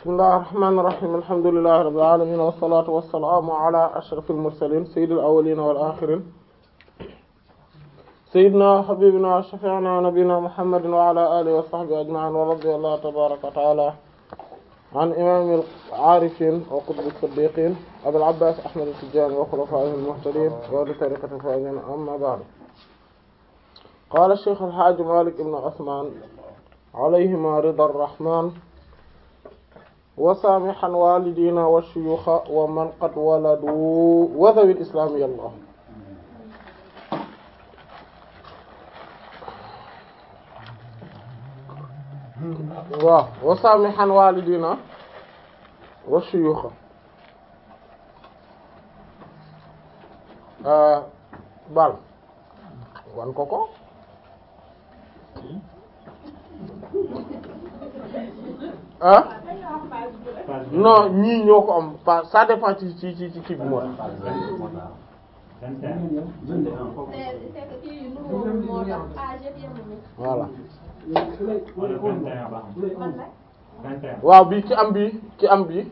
bismillahi irrahmani irrahim alhamdulilahi rabbil alamin wassalatu wassalaamu ala ashrafil mursalin sayyidil awwalin wal akhirin sayyidina habibina shafi'ina nabina muhammadin wa ala alihi wa sahbihi ajma'in wa radiyallahu tabaraka wa ta'ala an imamil arifin wa qutbil siddiqin abil abbas ahmad at-tijani wa khulafaihi al-muhtadin wa li tariqati faizin amma ba'd qala shaykh al-hajj malik ibn usman alayhima ridar rahman wa saamixan walidina wa shuyuxa wa man qad waladu wa zawil islaam yallah waaw wa saamixan walidina wa shuyuxa ah, bal wan ko ko ah non ñii ñoo ko am pa ça dépend ci ci ci ci kii bi moo bi ki am bi ki am bi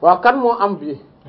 waaw kan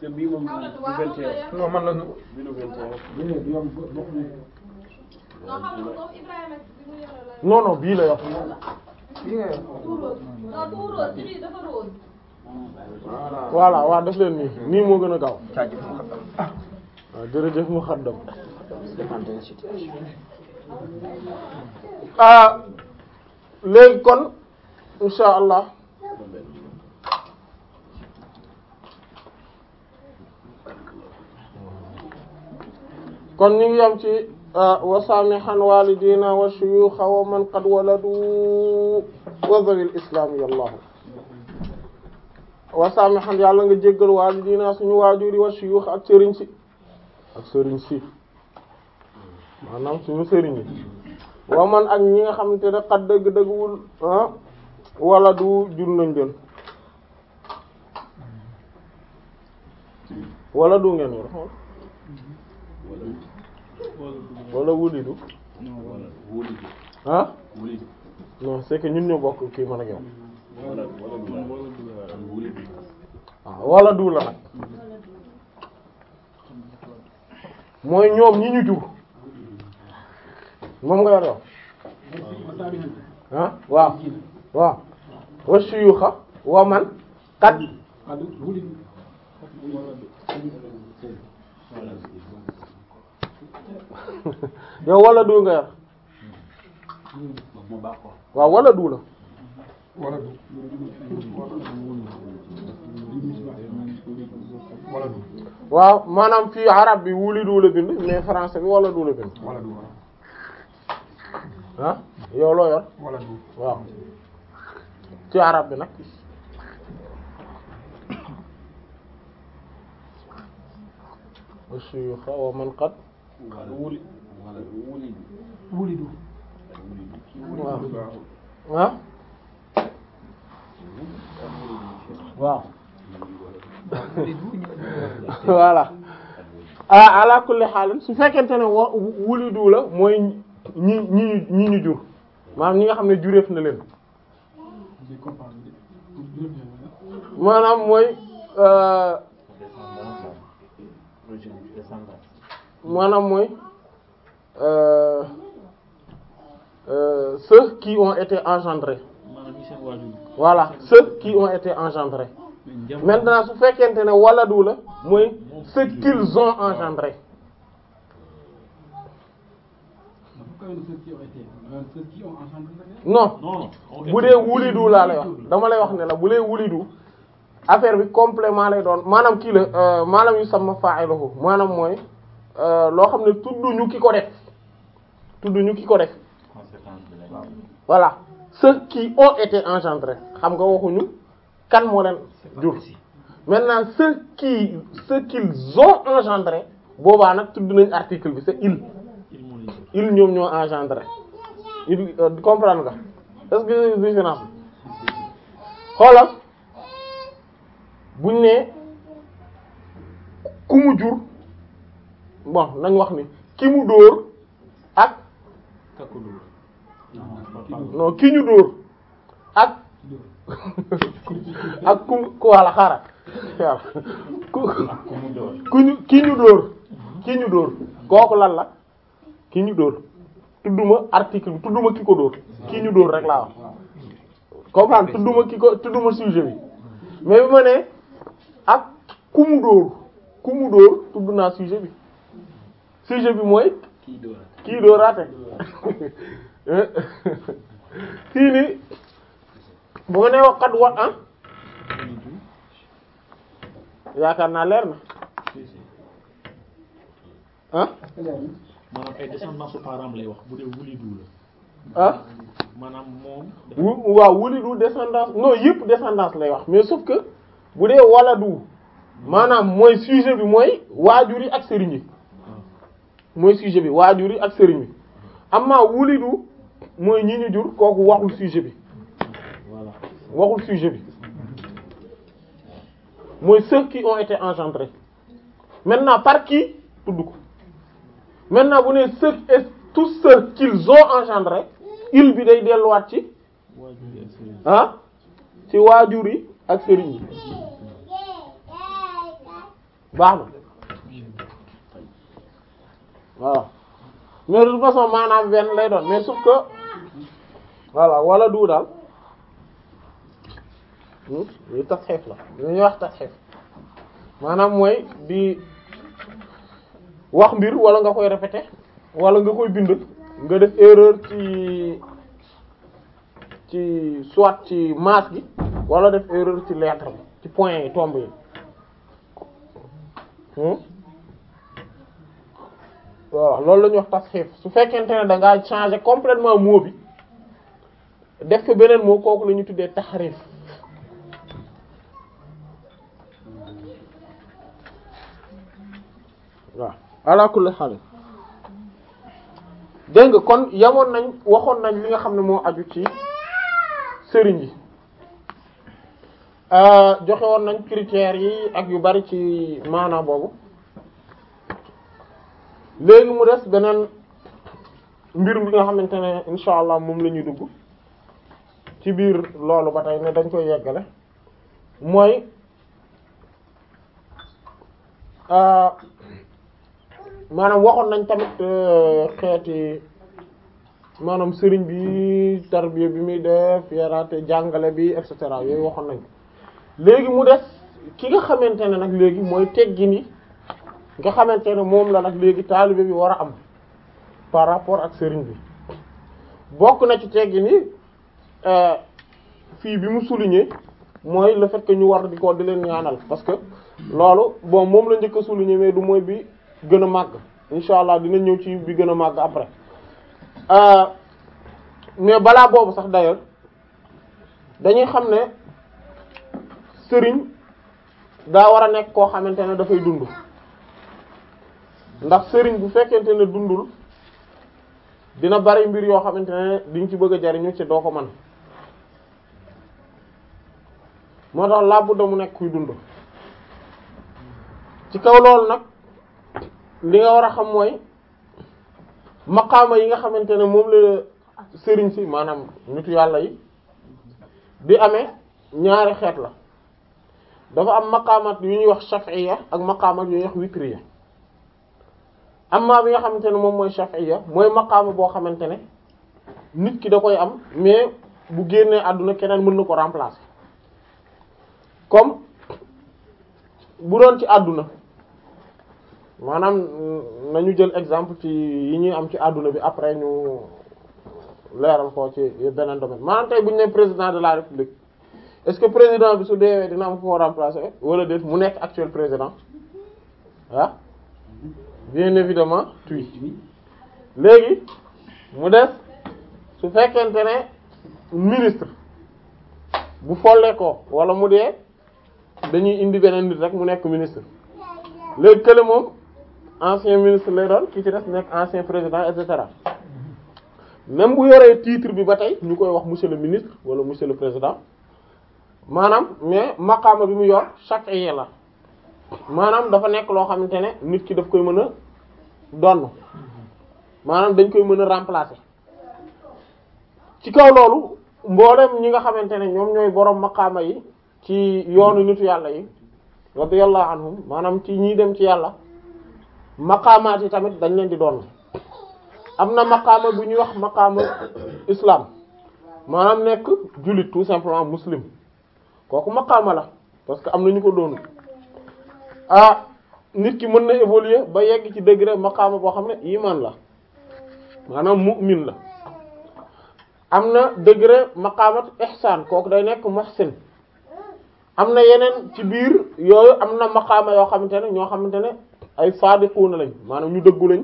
que bii moom du non man la ñu. def leen nii nii moo gën a gaaw. waaw ah, jërëjëf mu xaddam. Ah, léegi kon insha allah. kon ñu ngi yam ci wasaamihan euh, walidina wa shuyukha wa man qad waladu wa zawil islam yallahu yàlla nga jéggal walidina suñu waajuri wa shuyukh ak sëriñ si ak sëriñ si maanaam suñu sëriñ yi ak ñi nga xamante ne xat dëgg dëggwul ah, wala du jur nañ leen hmm. wala du ngeen wala wulidu ah non c'est que ñun ñoo bokk kii man wala du la ah, mooy ñoom ñi ñu moom nga yor ah waaw waaw wa suyuxa wa man qad yow wala du nga yor waaw wala du la wala waaw maanaam fii arab bi wuli du la bind mais français bi wala du la bind ah yow loo yor wala du waaw ci arab bi nag الشيوخ ومن قد wuli wuli waaw ah waaw voilà ah ala kulli xaalim su fekkente ne wa wulidu la mooy ñi ñi ñi ñu jur maanaam ñi nga xam ne jureef na leen maanaam mooy. Euh, maanaam mooy euh, euh, ceux qui ont été engendrés voilà ceux qui on été engendrés maintenant su fekkente ne waladu la mooy ce qu'ils ont engendré non bu dee wulidu laa lay wax dama lay wax ne la bu dee wulidu affaire bi complément lay doon maanaam kii la euh, maanaam yu sama fa'iluhu maanaam mooy Euh, loo xam ne tudduñu ki ko def tudduñu ki ko def voilà ceux qui ont été engendrés xam nga waxuñu kan moo leen jur maintenant ceux qui ceux qu'ils engendré boobaa nag tudd nañ article bi c'est il il ñoom ñoo engendré il euh, comprendre nga est-ce que différence xoolal buñ ne ku mu jur bon nañ wax ni ki mu dóor ak. non ki ñu ak. ak ku ku walla xaaral waaw ku ku ñu ki ñu dóor ki ñu dóor kooku lan la ki ñu dóor tudduma article bi tudduma ki ko dóor ki ñu dóor rek laa bi mais bi ma ne ak ku mu dóor ku mu dóor tudd bi sujet bi mooy kii doo raté kii ni bu nga nee waxat wa ah yaakaar naa leer na ah maanaam ay descendance lay wax bu dee wulidu la ah maanaam moom waaw descendance non yëpp descendance lay wax mais sauf que bu dee waladu maanaam mooy sujet bi mooy waajur yi ak sëriñ yi mooy sujet bi waajur yi ak sëriñ bi amma wulidu mooy ñi ñu jur kooku waxul sujet bi waxul sujet bi mooy ceux qui ont été engendrés maintenant par qui tudd ko maintenant bu ne ceux et tous ceux qu'ils ont engendrés il bi day delluwaat ci ah ci waajur yi ak sëriñ yi baax na voilà mais de façon maanaam wen lay doon mais sauf que voilà wala du daal hmm? lu tas xeef la dañuy wax tas xeef maanaam mooy di wax mbir wala nga koy répéter wala nga koy bind nga def erreur ci ci soit ci masse gi wala def erreur ci lettre bi ci point yi tombe yi hmm? waaw loolu la ñuy wax tasxiif su fekkente ne da ngaa changer complètement mot bi def ko beneen mot kooku la ñu tuddee taxriif waaw ala kulli haal dégg nga kon yamoon nañ waxoon nañ li nga xam ne moo aju ci sëriñ yi euh, joxe woon nañ critères yi ak yu bari ci maanaa boobu léegi mu des beneen mbir bi nga xamante ne insha allah moom la ñuy dugg ci biir loolu ba tey ne dañ koy yeggale mooy euh, maanaam waxoon nañ tamit euh, xeeti maanaam sëriñ bi tarbiya bi muy def yaraate jàngale bi et cetera yooyu waxoon nañ léegi mu des ki nga xamante ne nag léegi mooy teggini nga xamante ne moom la nag léegi taalibe bi war a am par rapport ak sëriñ bi bokk na ci teggi ni euh, fii bi mu souligner mooy le fait ñu war di ko di leen ñaanal parce que loolu boo moom la njëkk a souligner du mooy bi gën a màgg incha allah dina ñëw ci bi gën a màgg après euh, mais balaa boobu sax d'ailleurs dañuy xam ne sëriñ daa war a nekk koo xamante ne dafay dund ndax sëriñ bu fekkente ne dundul dina bari mbir yoo xamante ne diñ ci bëgg a jariñu ci doo ko man moo tax làbbu da mu nekk kuy dund ci kaw loolu nag li nga war a xam mooy maqaama yi nga xamante ne moom la sëriñ si maanaam nitu yàlla yi di amee ñaari xeet la dafa am maqaamat yu ñuy wax shafiya ak maqaamat yu ñuy wax witriya amma bi nga xamante ne moom mooy shafiya mooy maqaama boo xamante ne nit ki da koy am mais bu génnee àdduna keneen mën na ko remplacer comme bu doon ci àdduna maanaam nañu jël exemple ci yi ñuy am ci àdduna bi après ñu leeral ko ci beneen domaine maanaam tey bu ñu nee président de la république est-ce que président bi su deewee dina am ko remplacer wala déet mu nekk actuel président ah. bien évidemment tuy léegi mu des su fekkente ne ministre bu folle ko wala mu dee dañuy indi beneen nit rek mu nekk ministre léegi kële moom ancien ministre lay doon ki ci des nekk ancien président et cetera même bu yoree titre bi ba tey ñu koy wax monsieur le ministre wala monsieur le président maanaam mais maqaama bi mu yor chaque année la maanaam dafa nekk loo xamante ne nit ki daf koy mën a donn maanaam dañ koy mën a remplacer ci kaw loolu mboolem ñi nga xamante ne ñoom ñooy borom maqaama yi ci yoonu nitu yàlla yi radiyallahu anhum maanaam ci ñii dem ci yàlla maqaamaat yi tamit dañ leen di doon am na maqaama bu ñuy wax maqaama islaam maanaam nekk jullit tout simplement muslim kooku maqaama la parce que am na ñu ko doon ah nit ki mën na évoluer ba yegg ci degré maqaama boo xam ne iman la maanaam mu'min la am na degre maqaamat ihsaan kooku day nekk muhsin am na yeneen ci biir yooyu am na maqaama yoo xamante ne ñoo xamante ne ay saadiquuna lañ maanaam ñu dëggu lañ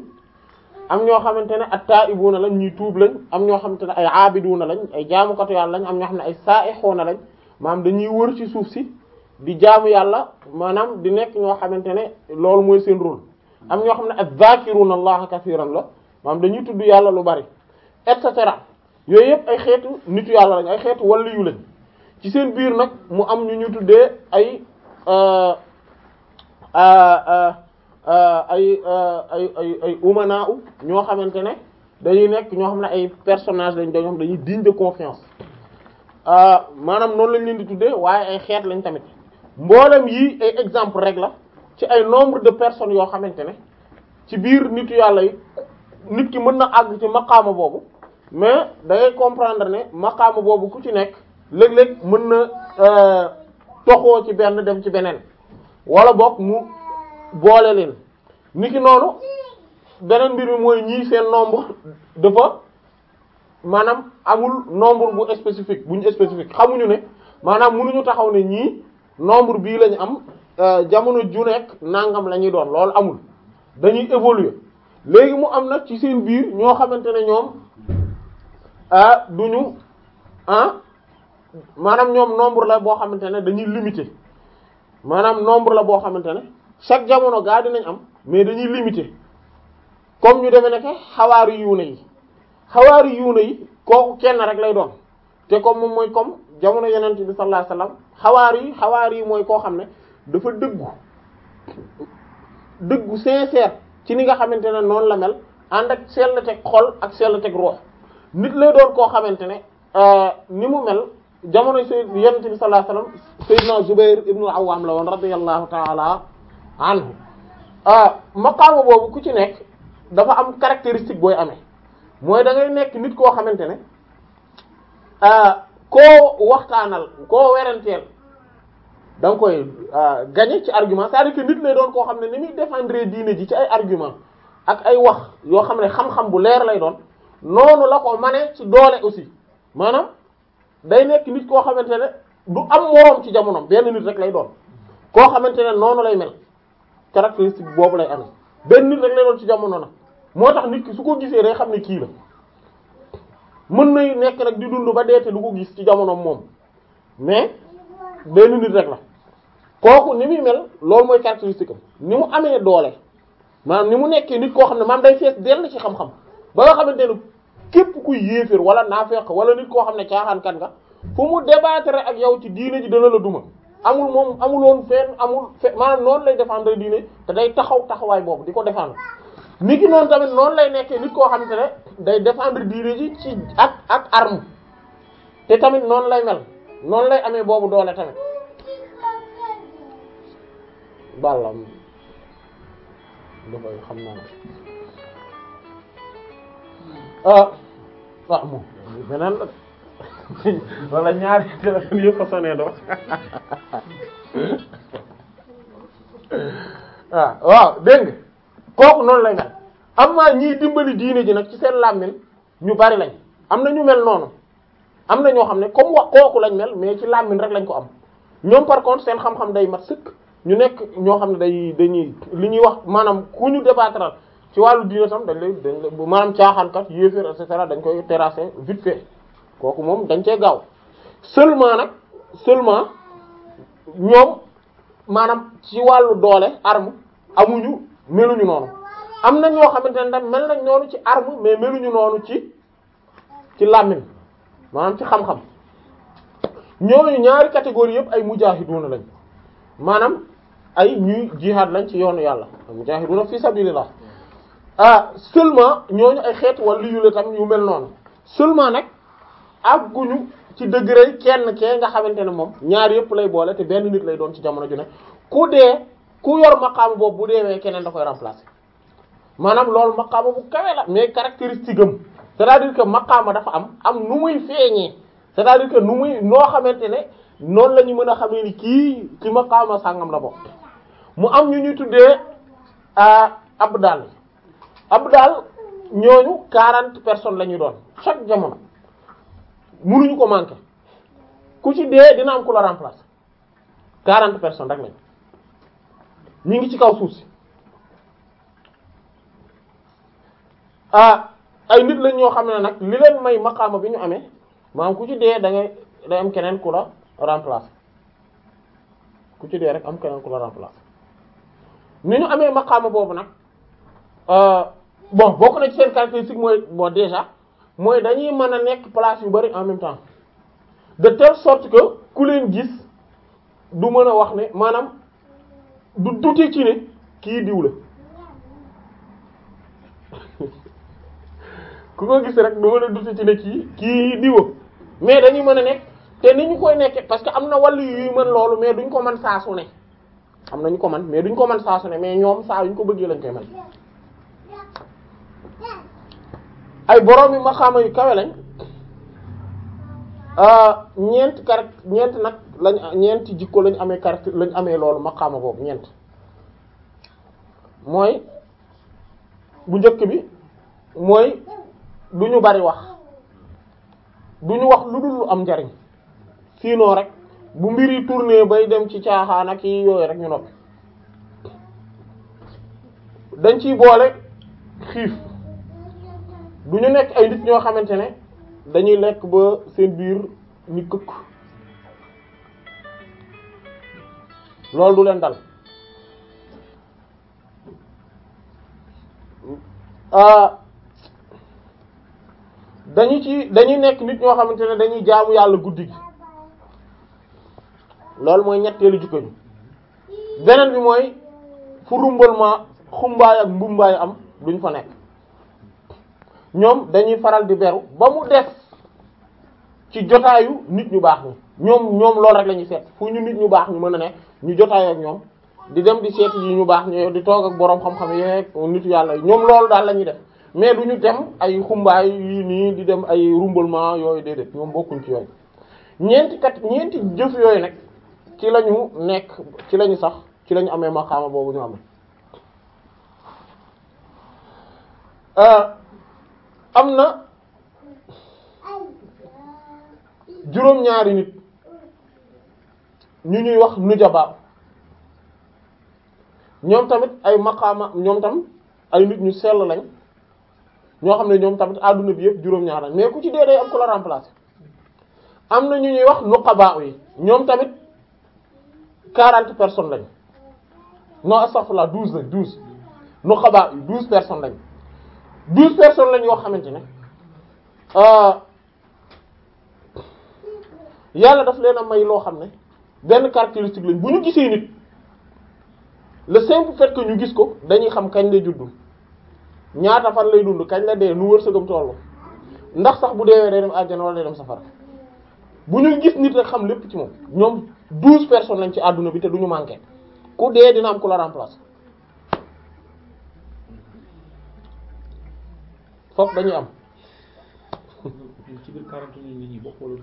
am ñoo xamante ne at-taa'ibuuna lañ ñuy tuub lañ am ñoo xamante ne ay aabiduuna lañ ay jaamukatu yàlla lañ am ñoo xam ne ay saa'ixuuna lañ maanaam dañuy wër ci suuf si di jaamu yàlla maanaam di nekk ñoo xamante ne loolu mooy seen rôle am ñoo xam ne az-zakiruna allaha kaseeran la maanaam dañuy tudd yàlla lu bari et cetera yooyu ay xeetu nitu yàlla lañ ay xeetu waliyu lañ ci seen biir nag mu am ñu ñu tuddee ay euh, euh, euh, ay ay ay ay umanaa ñoo xamante ne dañuy nekk ñoo xam ne ay personnage lañ dañoo xam dañuy digne de confiance maanaam noonu lañ leen di tuddee waaye ay xeet lañ tamit mboolem yii ay exemple rek la ci ay nombre de personnes yoo xamante ne ci biir nitu yàlla yi nit ki mën na àgg ci maqaama boobu mais dangay comprendre ne maqaama boobu ku ci nekk léeg-léeg mën na euh, toxoo ci benn dem ci beneen wala boog mu boole nit ki noonu beneen mbir mi mooy ñii seen nombre dafa maanaam amul nombre bu spécifique bu ñu spécifique xamuñu ne maanaam mënuñu taxaw ne ñii nombre bii lañu am euh, jamono ju nekk nangam la ñuy doon loolu amul dañuy évoluer léegi mu am na ci seen biir ñoo xamante ne ñoom ah euh, du ñu ah maanaam ñoom nombre la boo xamante ne dañuy limité maanaam nombre la boo xamante ne chaque jamono gaa dinañ am mais dañuy limité comme ñu demee nekk xawaari yuuna yi xawaari yuuna yi kooku kenn rek lay doon te comme moom mooy comme jamono yenent bi sallallahu alayhi wasallam xawaar yi xawaar yi mooy koo xam ne dafa dëggu dëggu sincère ci ni nga xamante ne noonu la mel ànd ak sell teg xol ak sell teg ruux nit lay doon koo xamante ne euh, ni mu mel jamono sayyid yenent bi sallallahu alayhi wasallam sayyidna Zubayr ibnu Awwam la woon radiyallahu ta'ala anhu euh, maqaama boobu ku ci nekk dafa am caractéristique booy amee mooy dangay nekk nit koo xamante ne euh, koo waxtaanal koo weranteel da nga koy euh, gagner ci argument cest à nit lay doon koo xam ne ni muy défendre diine ji ci ay argument ak ay wax yoo xam ne xam-xam bu leer lay doon noonu la ko mane ci doole aussi maanaam day nekk nit koo xamante ne du am moroom ci jamono benn nit rek lay doon koo xamante ne noonu lay mel caractéristique boobu lay amee benn nit rek lay doon ci jamono na moo tax nit ki su ko gisee day xam ne kii la mën na nekk nag di dund ba deete lu ko gis ci jamono moom mais benn nit rek la kooku ni muy mel loolu mooy caractéristique am ni mu amee doole maanaam ni mu nekkee nit koo xam ne maam day fees dell ci xam-xam ba nga xamante ne képp kuy yéeféer wala naafeq wala nit koo xam ne caaxaankat nga fu mu débattre ak yow ci diine ji dana la duma amul moom amuloon fenn amul fe maanaam noonu lay défendre diine te day taxaw taxawaay boobu di ko défendre nit ki noonu tamit noonu lay nekkee nit koo xamante ne day défendre diine ji ci ak ak arme te tamit noonu lay mel noonu lay amee boobu doole tamit balla dafay xam moom ah, ah, beneen wala ñaari téléphone yëpp ah, waaw dégg kooku noonu lay mel amma ñiy dimbali diine ji nag ci seen làmmiñ ñu bari lañ am na ñu mel noonu am na ñoo xam ne comme wax kooku lañ mel mais ci làmmiñ rek lañ ko am ñoom par contre seen xam-xam day mat sëkk ñu nekk ñoo xam ne day dañuy li ñuy wax maanaam ku ñu débattre ci wàllu diine tam dañ lay dañ lay maanaam caaxaankat yéeféer et cetera dañ koy terrasser vite fait kooku moom dañ cee gaaw seulement nag seulement ñoom maanaam ci wàllu doole arme amuñu meluñu noonu am na ñoo xamante ne tam mel nañ noonu ci arme mais ñu noonu ci ci làmmiñ maanaam ci xam-xam ñooñu ñaari catégorie yëpp ay mujaahiduuna lañ maanaam ay ñuy jihaad lañ ci yoonu yàlla mujaahiduuna fi sabilillah ah seulement ñooñu ay xeet wala yu la tam ñu mel noonu seulement nag àgguñu ci degré kenn kee nga xamante ne moom ñaar yëpp lay boole te benn nit lay doon ci jamono ju ne ku dee. ku yor maqaama boobu bu deewee keneen da koy remplacer maanaam loolu maqaama bu kawe la mais caractéristique am c'est-à-dire que maqaama dafa am am nu muy feeñee c'est-à-dire que nu muy noo xamante ne noonu la ñu mën a xamee ni kii ci maqaama sàngam la bokk mu am ñu ñuy tuddee euh, abdal abdal ñooñu quarante personnes la ñu doon chaque jamono mënuñu ko manquer ku ci dee dina am ku la remplacer quarante personnes rek lañ ñu ngi ci kaw suuf si ah ay nit lañ ñoo xam ne nag li leen may maqaama bi ñu amee maanaam ku ci dee da ngay day am keneen ku la remplacer ku ci dee rek am keneen ku la remplacer ni ñu amee maqaama boobu nag euh, bon bokk na ci seen caractéristique mooy bon déjà mooy dañuy mën a nekk place yu bari en même temps de telle sorte que ku leen gis du mën a wax ne maanaam. du dute ci ne kii diw la ku ko gis rek du mën a dute ci ne kii kii diwa mais dañuy mën a nekk te ni ñu koy nekkee parce que am na wàllu yuy mën loolu mais duñ ko mën saa ne am na ñu ko man mais duñ ko mën saa ne mais ñoom saa yuñ ko bëggee lañ koy mën ay borom ma xama yu kawe ah, ñeent kare ñeent nag. lañ ñeenti jikko lañu amee carte lañu amee loolu maqaama boobu ñeent mooy bu njëkk bi mooy du ñu bari wax du ñu wax lu dul lu am njariñ sinon rek bu mbir yi tourné bay dem ci caaxaan ak yi yooyu rek ñu noppi dañ ci boole xiif du ñu nekk ay nit ñoo xamante ne dañuy lekk ba seen biir ni këkk loolu du leen dal ah, dañu ci dañuy nekk nit ñoo xamante ne dañuy jaamu yàlla guddi gi loolu mooy ñetteelu jikko ji beneen bi mooy fu rumbalement xumbaay ak mbumbaay am duñ fa nekk ñoom dañuy faral di beru ba mu def ci jotaayu nit ñu baax ni ñoom ñoom loolu rek la ñuy seet fu ñu nit ñu baax ñu mën a ne ñu jotaay ak ñoom di dem di seet yi ñu baax ñu di toog ak boroom xam-xam yeeg nitu yàlla ñoom loolu daal lañuy def mais du ñu dem ay xumbaay yi nii di dem ay rumbalement yooyu déedéet ñoom bokkuñ ci yooyu ñeenti kat ñeenti jëf yooyu nag ci la nekk ci la ñu sax ci lañu amee maqaama boobu ñu am euh, am na juróom-ñaari nit ñu ñuy wax nujaba ñoom tamit ay maqaama ñoom tam ay nit ñu sell lañ ñoo xam ne ñoom tamit àdduna bi yëpp juróom-ñaar lañ mais ku ci dee day am ku la remplacer am na ñu ñuy wax nuqaba yi ñoom tamit quarante personnes lañ non astafurlah douze lañ douze nuqaba yi douze personnes lañ douze personnes lañ yoo xamante ne euh, yàlla daf leen a may loo xam ne. benn caractéristique lañ bu ñu gisee nit le simple fait que ñu gis ko dañuy xam kañ lay juddu ñaata fan lay dund kañ la dee nu wërsëgam tollu ndax sax bu deewee day dem àjjana wala day dem safara bu ñu gis nit rek xam lépp ci moom ñoom douze personnes lañ ci àdduna bi te duñu manqué ku dee dina am ku la remplacer foofu dañuy am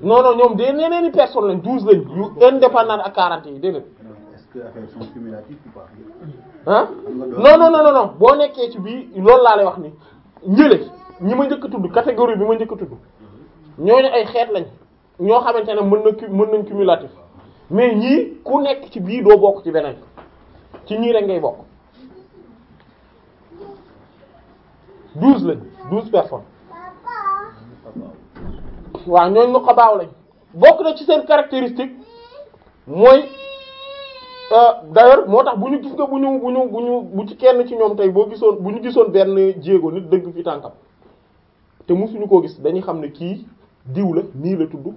non non ñoom de ñeneen i personnes lañ douze lañ yu indépendant ak quarante yi dégg nga. est-ce que affaire sont cumulatives ou pas. ah non non non non boo nekkee ci bii loolu laa lay wax ni njële ñi ma njëkk tudd catégorie bi ma njëkk tudd ñooñu ay xeet lañ ñoo xamante ne mën na mën nañ cumulatif mais ñii ku nekk ci bii doo bokk ci beneen ci ñii rek ngay bokk douze lañ douze personnes. waa ñooñu mu xabaaw lañ bokk na ci seen caractéristique mooy euh, d'ailleurs moo tax bu ñu gis nga bu ñu bu ñu bu ñu bu ci kenn ci ñoom tey boo gisoon bu ñu gisoon benn jéego nit dëgg fi tànkam te musuñu koo gis dañuy xam ne kii diw la nii la tudd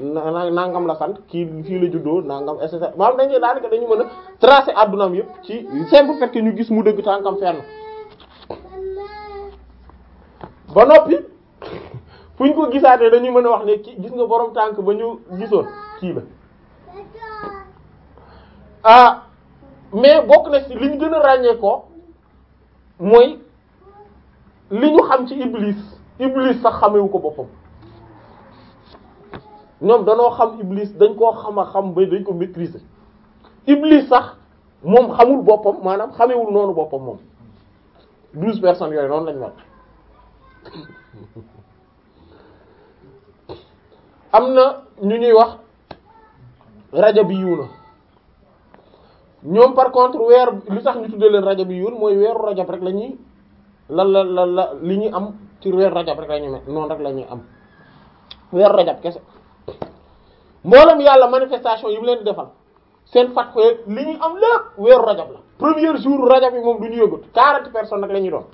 na nangam la sant kii fii la juddoo nangam et cetera maanaam dañuy daanaka dañu mën a tracer àddunaam yëpp ci simple fait que ñu gis mu dëgg tànkam fenn ba noppi. fu ñu ko gisaatee dañuy mën a wax ne ki gis nga boroom tànk ba ñu gisoon kii la ah mais bokk na ci li ñu gën a ràññeekoo ko mooy li ñu xam ci iblis iblis sax xamewu ko boppam ñoom danoo xam iblis dañ koo xam xam ba dañ ko maîtriser iblis sax moom xamul boppam maanaam xamewul noonu boppam moom douze personnes yooyu noonu lañ mel am na ñu ñuy wax rajabiyuuna ñoom par contre weer li tax ñu tuddee leen rajabiyuun mooy weeru rajab rek lañuy lan la la la li ñuy am ci weer rajab rek la ñuy mel noonu rek la ñuy am weeru rajab kese mboolem yàlla manifestation yi mu leen di defal seen fat koeg li ñuy am la weer rajab la premier jour rajab yi moom du ñu yëgut quarante personnes rek la ñuy doon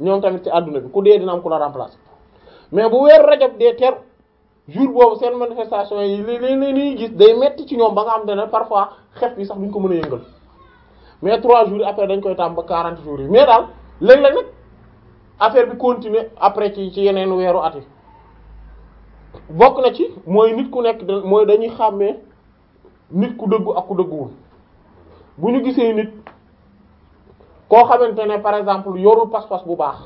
ñoom tamit ci àdduna bi ku dee dina am ku la remplacer mais bu weeru rajab dee teer jour boobu seen manifestation yi li li li ñuy gis day metti ci ñoom ba nga xam ne parfois xef bi sax duñ ko mën a yëngal mais trois jours après dañ koy tàmm ba quarante jours yi mais daal léeg-léeg nag affaire bi continuer après ci ci yeneen weeru at bokk na ci mooy nit ku nekk mooy dañuy xàmmee nit ku dëggu ak ku dëgguwul bu ñu gisee nit koo xamante ne par exemple yorul pas-pas bu baax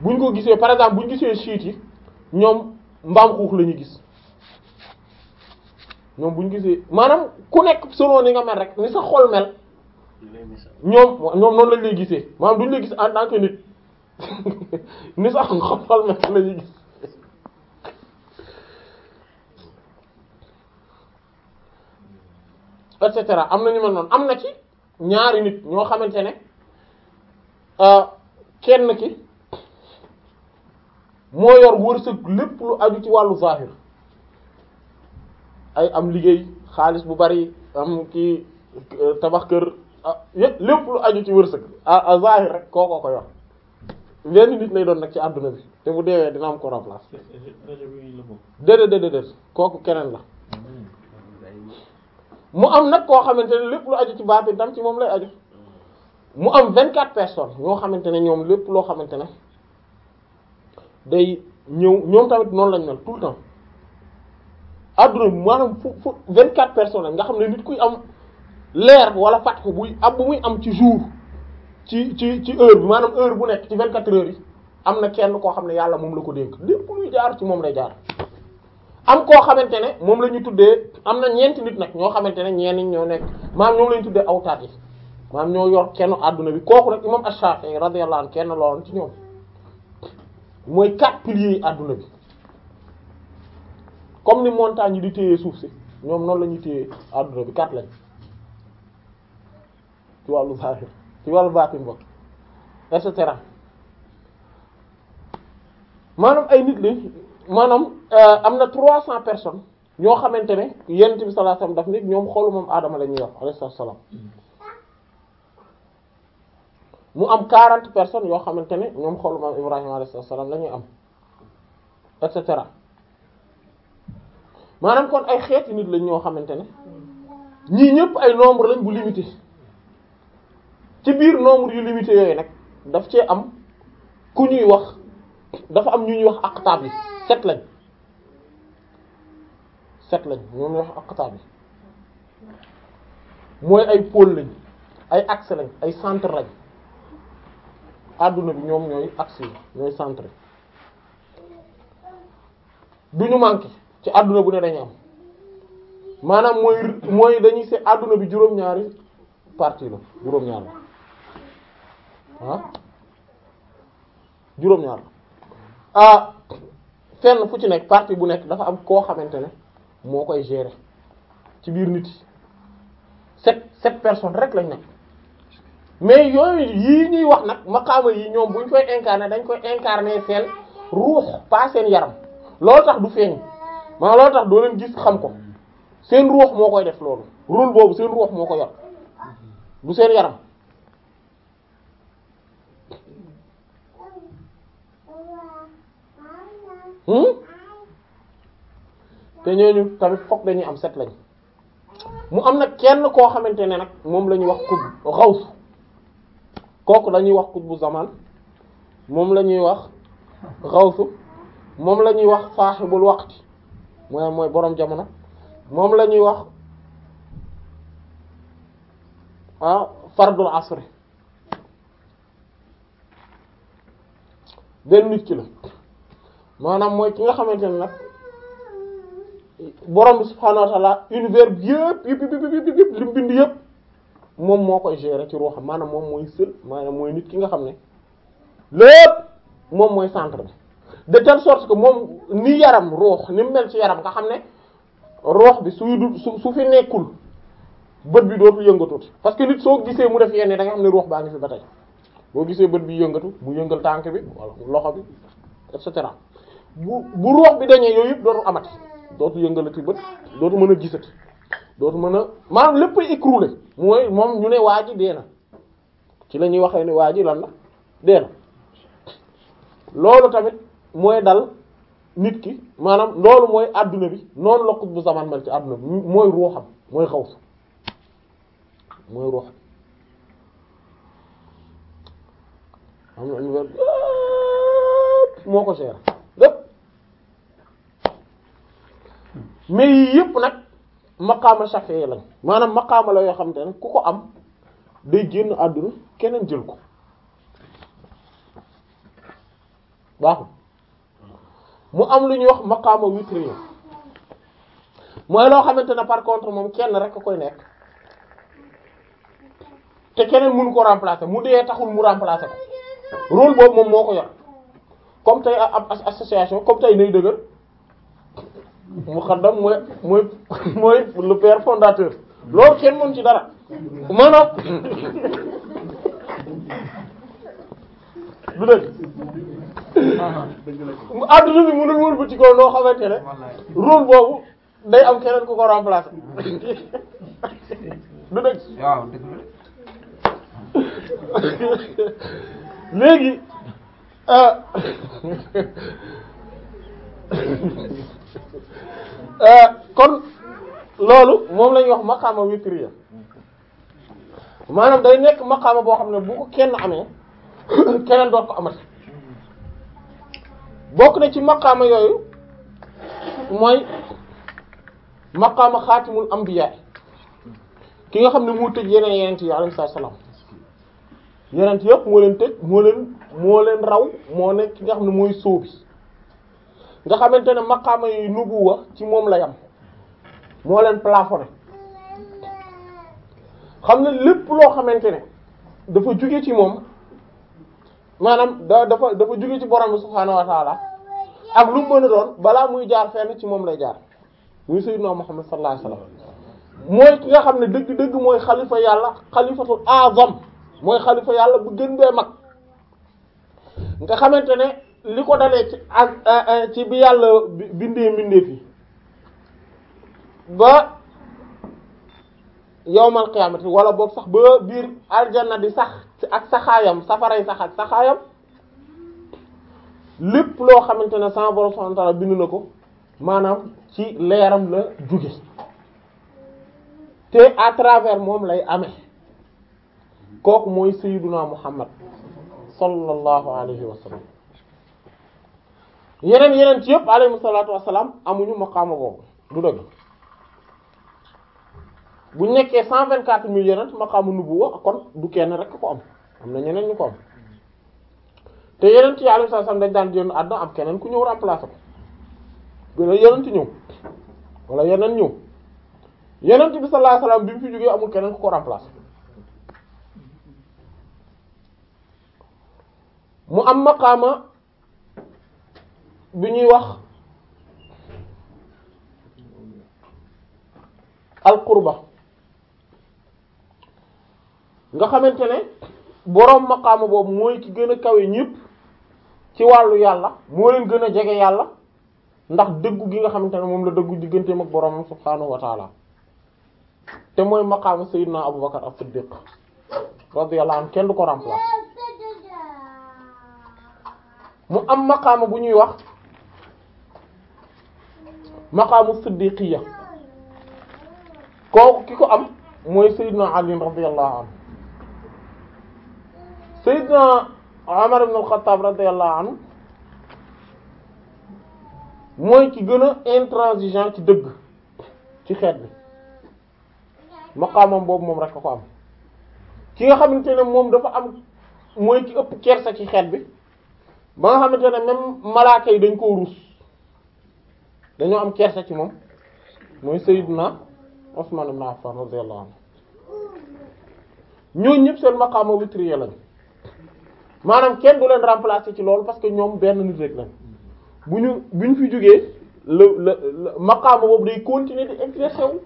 bu ñu ko gisee par exemple bu ñu gisee chiites yi ñoom mbaam xuux la ñuy gis ñoom bu ñu gisee maanaam ku nekk selon yi nga mel rek ni sa xol mel ñoom noonu lañ lay gisee maanaam duñ lay gis en tant que nit ni sa xol mel gis et cetera am na ñu mel noonu am na ci ñaari nit ñoo xamante ne euh, kenn ki moo yor wërsëg lépp lu aju ci wàllu zahir ay am liggéey xaalis bu bari am ki euh, tabax kër ah lépp lu aju ci wërsëg ah, ah zahir rek kookoo ko yor lenn nit lay doon nag ci àdduna bi te bu deewee dina am ko remplace déedéet déedéet déedéet kooku keneen la mu am nag koo xamante ne lépp lu aju ci baatin tam ci moom lay aju mu am vingt-quatre personnes ñoo xamante ne ñoom lépp loo xamante ne day ñëw ñoom tamit noonu lañ mel tout le temps adduna bi maanaam fu fu vingt quatre personnes nga xam ne nit kuy am leer wala fàtt ko buy ab bu muy am ci jour ci ci ci heure bi maanaam heure bu nekk ci vingt quatre heures yi am na kenn koo xam ne yàlla moom la ko dénk lépp luy jaar ci moom lay jaar am koo xamante ne moom la ñu tuddee am na ñeenti nit nag ñoo xamante ne ñeen ñi ñoo nekk maam ñoom la ñu tuddee awtaat yi maam ñoo yor kenn adduna bi kooku rek imam Ash-Shafi'i radiyallahu anhu kenn looloon ci ñoom mooy quatre piliers yi àdduna bi comme ni montagne yi di téye suuf si ñoom noonu la ñuy téye àdduna bi quatre lañ ci wàllu zahir ci wàllu baatin bokk et cetera maanaam ay nit lañ maanaam euh, am na trois cents personnes ñoo xamante ne yonent bi sallallahu alayhi wasallam daf nit ñoom xoolu moom aadama la ñuy wax alayhi salaam mu am quarante personnes yoo xamante ne ñoom xolu maam Ibrahima alayhi salaam la ñuy am et cetera maanaam kon ay xeeti nit lañ ñoo xamante ne ñii ñëpp ay nombre lañ bu limité ci biir nombre yu limité yooyu nag daf cee am ku ñuy wax dafa am ñu ñuy wax aqtaab yi set lañ set lañ ñoom ñuy wax aqtaab yi mooy ay pôle lañ ay axe lañ ay centre lañ adduna bi ñoom ñooy axe ñooy centre du ñu manqué ci adduna bu ne dañu am maanaam mooy mooy dañuy se adduna bi juróom-ñaari partie la juróom-ñaar la ah juróom-ñaar ah fenn fu ci nekk parti bu nekk dafa am koo xamante ne moo koy gérer ci biir nit yi sept sept personnes rek lañ nekk. mais yooyu yii ñuy wax nag maqaama yi ñoom buñ koy incarner dañ koy incarner seen ruux pas seen yaram loolu tax du feeñ maa loolu tax doo leen gis xam ko seen ruux moo koy def loolu rôle boobu seen ruux moo ko yor du seen yaram hmm? te ñooñu tamit fokk dañuy am set lañ mu am na kenn koo xamante ne nag moom la ñuy wax xud xaws kooku dañuy ñuy wax qutbu zaman moom la ñuy wax xawsu moom la ñuy wax bul waqti mooy mooy boroom jamono moom la ñuy wax ah fardul asri benn nit ki la maanaam mooy ki nga xamante ne nag borom bi subhaanahu wa bi yëpp yëpp yëpp yëpp yëpp li mu bind yëpp moom moo koy gérer ci ruuxam maanaam moom mooy sël maanaam mooy nit ki nga xam ne lépp moom mooy centre bi de tele sorte que moom ni yaram roox ni mu mel ci yaram nga xam ne ruux bi suy du su su fi nekkul bët bi dootu yëngatuuti parce que nit soo gisee mu def yenn da nga xam ne ruux baa ngi fi ba tey boo gisee bët bi yëngatu bu yëngal tànk bi wala loxo bi et cetera bu bu ruux bi dañee yooyu yëpp amat doo dootu yëngalati bët dootu mën a gisati dootu mën a maanaam lépp écroulé mooy moom ñu ne waa ji dee na ci la ñuy waxee ne waaj ji lan la dee loolu tamit mooy dal nit ki maanaam loolu mooy àdduna bi noonu la bu zaman man ci adduna bi mooy ruuxam mooy xaw mooy ruuxam moo ko seer lépp mais yii yëpp nag maqaama shafi'i lañ maanaam maqaama la yoo xamante ne ku ko am day génn àdduna keneen jël ko baaxul mu am lu ñuy wax maqaama witri mooy loo xamante ne par contre moom kenn rek a koy nekk te keneen mënu ko remplacer mu dee taxul mu remplacer ko rôle boobu moom moo ko yor comme tey a association comme tey nay dëgër muqaddam mooy mooy mooy le père fondateur kenn mën ci dara maanaam du dëgg adduna bi mënul wër bëti ko noo xamante ne rôle boobu day am keneen ku ko remplacer du dëgg waaw dëgg Euh, kon loolu moom lañuy wax wax maqaama witriya maanaam day nekk maqaama boo xam ne bu ko kenn amee keneen doot ko amat bokk na ci maqaama yooyu mooy maqaama xaatimul anbiya ki nga xam ne moo tëj yeneen yeneen yi alayhi salaam yeneen yëpp moo leen tëj moo leen moo leen raw moo nekk ki nga xam ne mooy sóobi nga xamante ne maqaama yi nubuwa ci moom la yam moo leen plafonné xam ne lépp loo xamante ne dafa jóge ci moom maanaam da dafa dafa jóge ci borom bi subhaanahu wa taala ak lu mën a doon balaa muy jaar fenn ci moom lay jaar muy sayyidina Muhammad sallallahu alayhi wasallam mooy ki nga xam ne dëgg-dëgg mooy xalifa yàlla xalifatul azam mooy xalifa yàlla bu gën bee mag nga xamante ne li ko dalee ci ak eh, eh, ci bi yàlla bindee mbindee fi ba yowmal qiyaamati wala boog sax ba biir aljanna di sax ak saxaayam safaray sax ak saxaayam lépp loo xamante ne sama borom subhanahu na ko maanaam ci leeram la jóge te à travers moom lay ame kooku mooy sayyiduna muhammad sallallahu alayhi wa yeneen yeneen ci yëpp alayhi salaatu wassalaam amuñu maqaama boobu du dëgg bu nekkee cent vingt quatre mille yeneen maqaama nubuwa kon du kenn rek ko am am na ñeneen ñu ko am te yeneen ci alayhi salaam dañ daan génn àdduna am keneen ku ñëw remplacer ko gën a yeneen ci ñëw wala yeneen ñëw yeneen bi sallallahu alayhi wasallam bi fi jógee amul keneen ku ko remplacer mu am maqaama bi ñuy wax alqurba nga xamante ne boroom maqaama boobu mooy ci gën a kawe ñépp ci wàllu yàlla moo leen gën a jege yàlla ndax dëggu gi nga xamante ne moom la dëggu digganteem ak boroomam subhaanahu wa taala te mooy maqaama sayyidina Abu Bakar as-Siddiq radiyallahu kenn du ko remplacer mu am maqaama bu ñuy wax maqaamu siddiqiya ko ki ko am mooy Seydina Ali radiyallahu anhu Seydina Umar ibn al-Khattab radiyallahu anhu mooy ki gën a intransigeant ci dëgg ci xeet bi maqaamam boobu moom rek ko am ki nga xamante ne moom dafa am mooy ki ëpp kersa ci xeet bi ba nga xamante ne même malaaka yi dañ koo ruus dañoo am kersa ci moom mooy Sayyidina Usman ibn Affan radiyallahu anhu ñooñu ñëpp seen maqaama witriya lañ maanaam kenn du leen remplacer ci loolu parce que ñoom benn nit rek lañ bu ñu bu ñu fi jógee la la maqaama boobu day continuer di exercer wu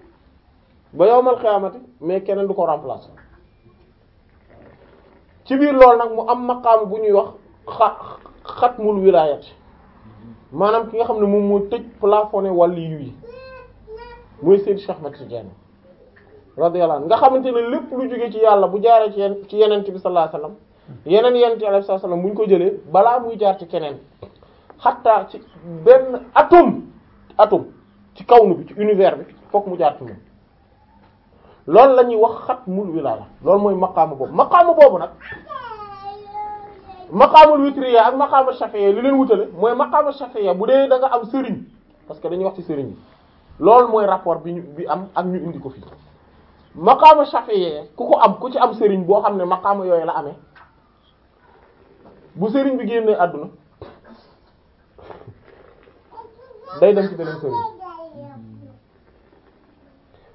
ba yawmal qiyaamati mais keneen du ko remplacer ci biir loolu nag mu am maqaama bu ñuy wax xa xatmul wilaayati maanaam ki nga xam ne moom moo tëj plafonné wàllu yi mooy Seydi Cheikh Ahmad Tidiane radiyallahu anhu nga xamante ne lépp lu jóge ci yàlla bu jaaree ci ci bi sallallahu alayhi wasallam yeneen yenent bi sallallahu alayhi wasallam bu ñu ko jëlee balaa muy jaar ci keneen xataa ci benn atome atome ci kawnu bi ci univers bi fokk mu jaar ci moom loolu wax xat mul wilaaya loolu mooy maqaamu boobu maqaamu boobu nag maqaamul witriya ak maqaamul shafiya li leen wutale mooy maqaamul shafiya bu dee danga nga am sëriñ parce que dañuy wax ci sëriñ yi loolu mooy rapport bi ñu bi am ak ñu indi ko fii maqaamul shafiya ku ko am ku ci am sëriñ boo xam ne maqaamu yooyu la amee bu sëriñ bi génnee àdduna day dem ci beneen sëriñ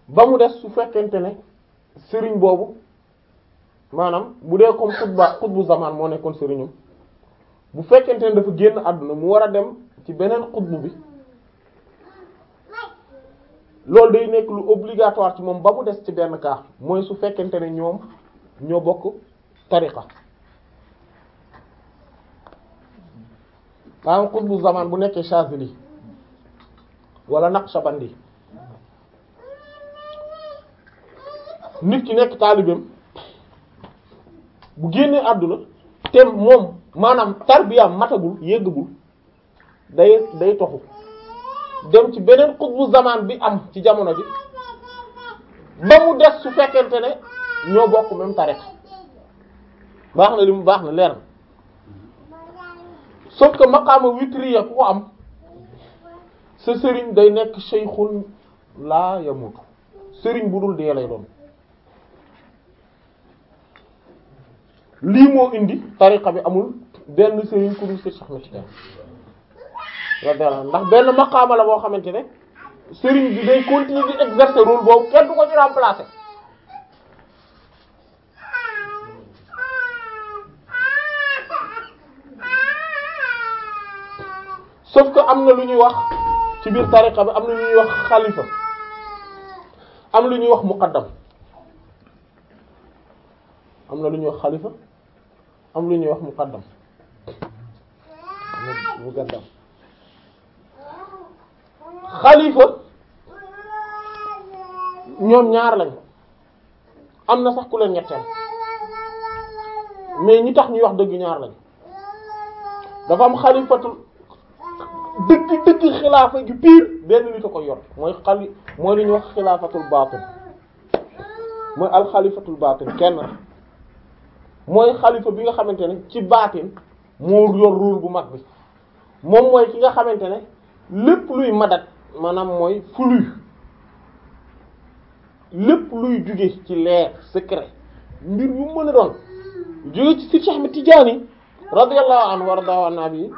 ba mu des su fekkente ne sëriñ boobu maanaam bu dee comme xutba xutbu zamaan moo nekkoon sëriñam bu fekkente ne dafa génn àdduna mu war a dem ci beneen xutbu bi loolu day nekk lu obligatoire ci moom ba mu des ci benn cas mooy su fekkente ne ñoom ñoo bokk tariqa maanaam xutbu zamaan bu nekkee Chazili wala Naqshbandi nit ki nekk taalibeem bu génnee àdduna te moom maanaam tarbiyaam matagul yéggagul day day toxu dem ci beneen xutbu zamaan bi am ci jamono bi ba mu des su fekkente ne ñoo bokk même tarix baax na li mu baax na leer sauf que maqaama witriya ku am sa sëriñ day nekk shaykhun laa yamutu sëriñ bu dul dee lay doon lii moo indi tariqa bi amul benn sëriñ ku dul Cheikh Ahmed Tidiane radiyallahu ndax benn maqaama la boo xamante ne sëriñ bi day continuer di exercer rôle boobu kenn du ko ci remplacer. sauf que am na lu ñuy wax ci biir tariqa bi am na lu ñuy wax xalifa am lu ñuy wax muqaddam am na lu ñuy wax xalifa am lu ñuy wax muqaddam muqaddam xalifa ñoom ñaar lañ am na sax ku leen ñetteel mais ñi tax ñuy wax dëgg ñaar lañ dafa am xalifatu dëgg dëgg xilaafa gi piir benn nit a ko yor mooy xali mooy li ñuy wax xilaafatul baatin mooy alxalifatul baatin kenn mooy xalifa bi nga xamante ne ci baatin moo yor bu mag bi moom mooy ki nga xamante ne lépp luy madat maanaam mooy flux lépp luy jóge ci leer secret mbir bu mën a doon jóge ci Cheikh Ahmed Tidiane radiyallahu anhu warda nabi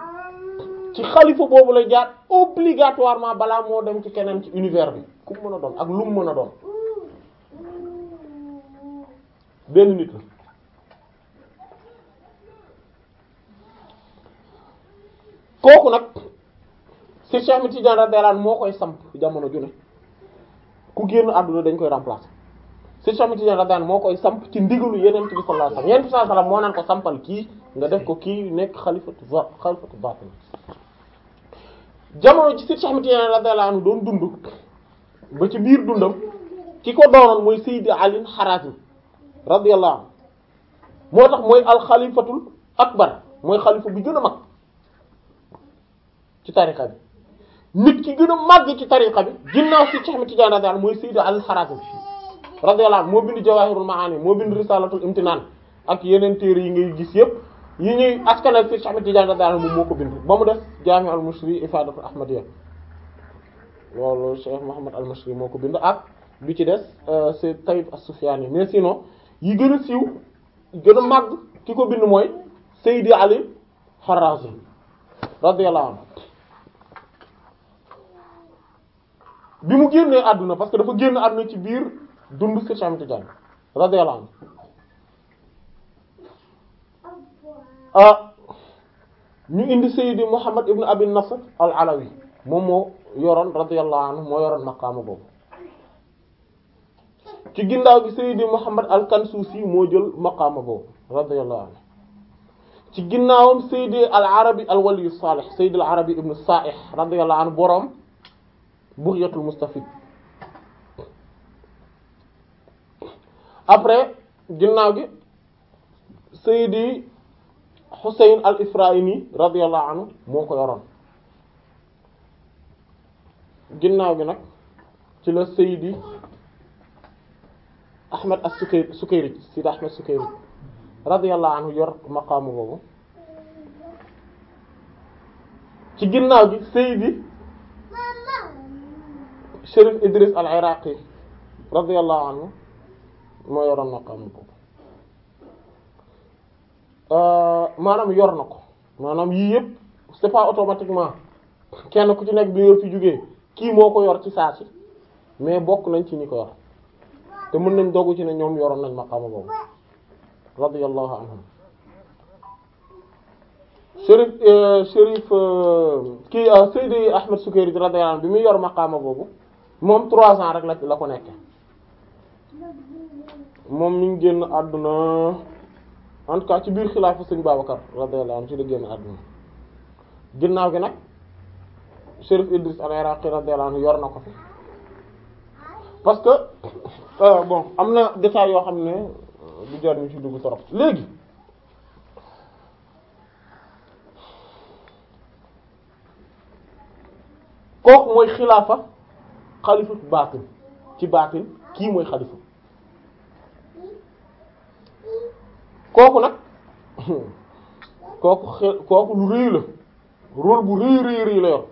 ci xalifa boobu la jaar obligatoirement balaa moo dem ci keneen ci univers bi ku mën a doon ak lu mu mën a doon benn nit la kooku nag si Cheikh Ahmed Tidiane radiyallahu anhu moo koy samp jamono ju ne ku génn àdduna dañ koy remplacer si Cheikh Ahmed Tidiane radiyallahu anhu moo koy samp ci ndigalu yenent bi sallallahu alayhi wasallam yenent moo naan ko sampal kii nga def ko kii nekk xalifatu za xalifatu batin jamono ci si Cheikh Ahmed Tidiane radiyallahu anhu doon dund ba ci biir dundam ki ko doonoon mooy Sayyid Ali Harazim radiyallahu anhu moo tax mooy alxalifatul akbar mooy xalifa bi gën a mag tariqa bi nit ki gën a màgg ci tariqa bi ginnaaw si Cheikh Tidiane radiyallahu mooy Seydi al-Kharazim radiyallahu anhu moo bind Jawahirul Maani moo bind Risalatul Imtinan ak yeneen téere yi ngay gis yëpp yi ñuy askanal si Cheikh Tidiane radiyallahu moom moo ko bind ba mu def Jaami al-Mushri Ifadatul Ahmadiyya loolu Cheikh Mouhamad al-Mushri moo ko bind ak bi ci des euh, c'est Tayyib as-Sufyani mais sinon yi gën a siiw gën a màgg ki ko bind mooy Seydi Ali Kharazim bi mu génnee àdduna parce que dafa génn àdduna ci biir dund Cheikh Ahmed Tidiane radiyallahu anhu ah ñu indi Sayyidi Muhammad ibn Abi Nasr al-Alawi moom moo yoroon radiyallahu anhu moo yoroon maqaama boobu ci ginnaaw gi Sayyidi Muhammad al-Kansusi moo jël maqaama boobu radiyallahu anhu ci ginnaawam Sayyidi al-Arabi al-Wali as-Salih Sayyidi al-Arabi ibn Sa'ih radiyallahu anhu boroom bughyatul mustafid après ginnaaw gi Seydi Xuseyn al Ifraayini radiyallahu anhu moo ko yoroon ginnaaw gi nag ci la Seydi Ahmed as-Sukayri Sukayri Seydi Ahmed Sukayri radiyallahu anhu yor maqaamu boobu ci ginnaaw gi Seydi Chérif Idris al-Iraqi radiyallahu anhu moo yoroon na xam ko maanaam yor na ko maanaam yii yëpp c'est automatiquement kenn ku ci nekk bi nga fi jógee kii moo ko yor ci saa si mais bokk nañ ci ñi ko yor te mën nañ dogu ci ne ñoom yoroon nañ maqaama boobu radiyallahu anhum Chérif Chérif euh, euh, kii euh, Seydi Ahmed Sukayri radiyallahu anhu bi muy yor maqaama boobu moom trois ans rek la la ko nekke moom mi génn àdduna en tout cas ci biir xilaafa sëñ Babacar radiyallahu ci la génn àdduna ginnaaw gi nag Chérif Idriss al-Iraqi yor na ko fi parce que euh, bon am na détails yoo xam ne euh, du jar ñu ci dugg torop léegi kooku mooy xilaafa xalifa baatin ci baatin kii mooy xalifa kooku nag kooku xe kooku lu rëy la rôle bu rëy rëy rëy la yor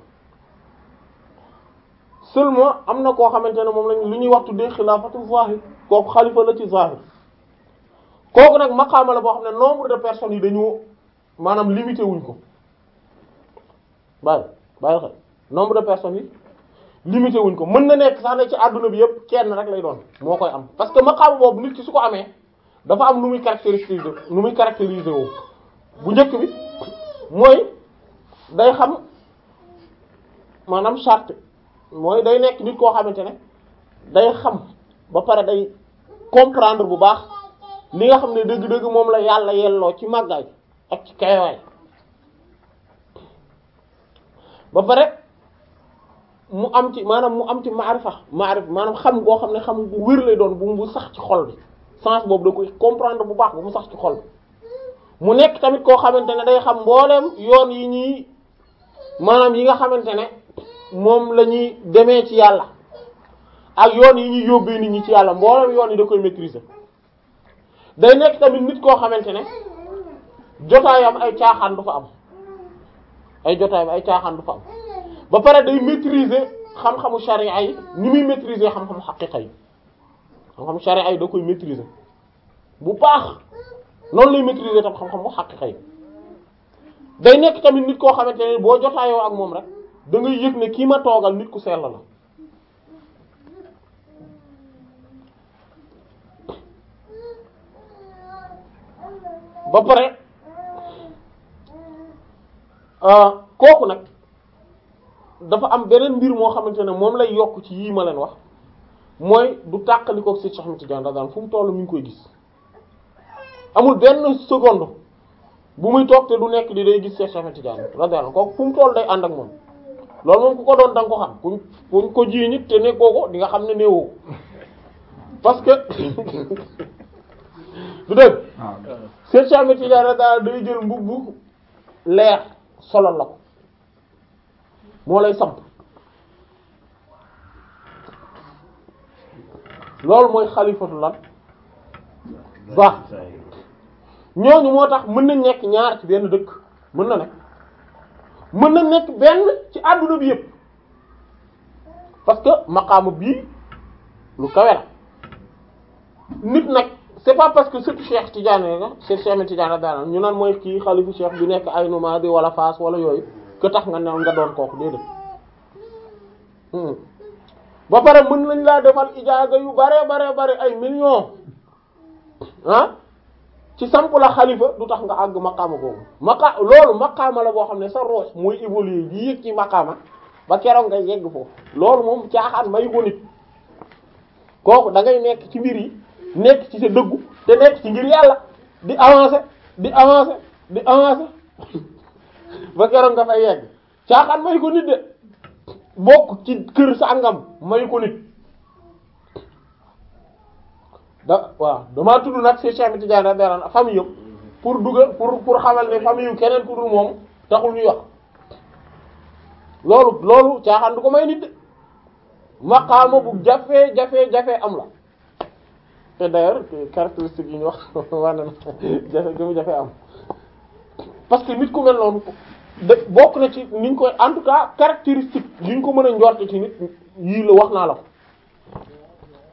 seulement am na koo xamante ne moom lañ lu ñuy waxtu tuddee xilaafatu zahir kooku xalifa la ci zahir kooku nag maqaama la boo xam ne nombre de person yi dañu maanaam limité wuñ ko bàyyi bàyyi xel nombre de personnes yi limité wuñ ko mën na nekk sax ne ci àdduna bi yëpp kenn rek lay doon moo koy am parce que ma maqaam boobu nit ki su ko amee dafa am nu muy caractéristiser nu muy caractériser wu bu njëkk bi mooy day xam maanaam charte mooy day nekk nit koo xamante ne day xam ba pare day comprendre bu baax li nga xam ne dëgg-dëgg moom la yàlla yelloo ci màggaay ak ci kayawaay ba pare mu am ci maanaam mu am ci maarifa maarif maanaam xam boo xam ne xam bu wér lay doon bu mu sax ci xol bi sens boobu da koy comprendre bu baax bu mu sax ci xol bi mu nekk tamit koo xamante ne day xam mbooleem yoon yi ñuy maanaam yi nga xamante ne moom la ñuy demee ci yàlla ak yoon yi ñuy yóbbee nit ñi ci yàlla mbooleem yoon yi da koy maîtriser day nekk tamit nit koo xamante ne jotaayam ay caaxaan du fa am ay jotaayam ay caaxaan du fa am ba pare day maîtriser xam-xamu sharia yi ni muy maîtriser xam-xamu xaqiqa yi xam-xamu sharia yi da koy maîtriser bu baax noonu lay maîtriser tam xam mu xaqiqa yi day nekk tamit nit koo xamante ne boo jotaayoo ak moom rek da ngay yëg ne kii ma toogal nit ku sell la ba pare ah, kooku nag dafa am beneen mbir moo xamante ne moom lay yokk ci yii ma leen wax mooy du tàqalikoog Seex Ahmad Tijaan radiyallahu anhu fu mu toll mi ngi koy gis amul benn seconde bu muy toog te du nekk di day gis Seex Ahmad Tijaan radiyallahu anhu kooku fu mu toll day ànd ak moom loolu moom ku ko ko xam kuñ kuñ ko te nekkoo ko xam ne néewoo que du dëgg Seex ah. Ahmad Tijaan radiyallahu anhu day jël mbubb leer solal la ko moo lay samp loolu mooy xalifatu lan ñooñu moo tax mën na nekk ñaar ci benn dëkk mën na nekk mën na nekk benn ci àdduna bi yëpp parce que maqaama bii lu kawe la nit nag c'est pas parce que surtout Cheikh Tidiane nga Cheikh Cheikh Tidiane daanaka ñu naan mooy kii xalifu Cheikh bi nekk ay nomades wala Fass wala yooyu. que tax nga naan nga doon kooku déedéet hmm. ba pare mun lañ laa defal ijaaza yu bare bare bare ay millions ah ci samp la xalifa du tax nga àgg maqaama boobu maqa loolu maqaama la boo xam ne sa roos muy évoluer di yëg ci maqaama ba keroog nga yegg foofu loolu moom caaxaan mayu ko nit kooku da nekk ci mbir yi nekk ci sa dëggu te nekk ci ngir yàlla di avancer di avancer di avancer ba keroog nga fay yegg caaxaan mayu ko nit de bokk ci kër sàngam mayu ko nit da waaw damaa tudd nag si Cheikh Tidiane radiyallahu famille yëpp pour dugg pour pour xamal ne famille keneen pour dul moom taxul ñuy wax loolu loolu caaxaan du ko may nit de maqaama bu jafe jafe jafe am la te d'ailleurs caractéristique yi wax wax na jafe gi mu jafe am parce que nit ku mel noonu da bokk na ci ni ñu koy en tout cas caractéristique ko mën a njort ci nit yii la wax naa la ko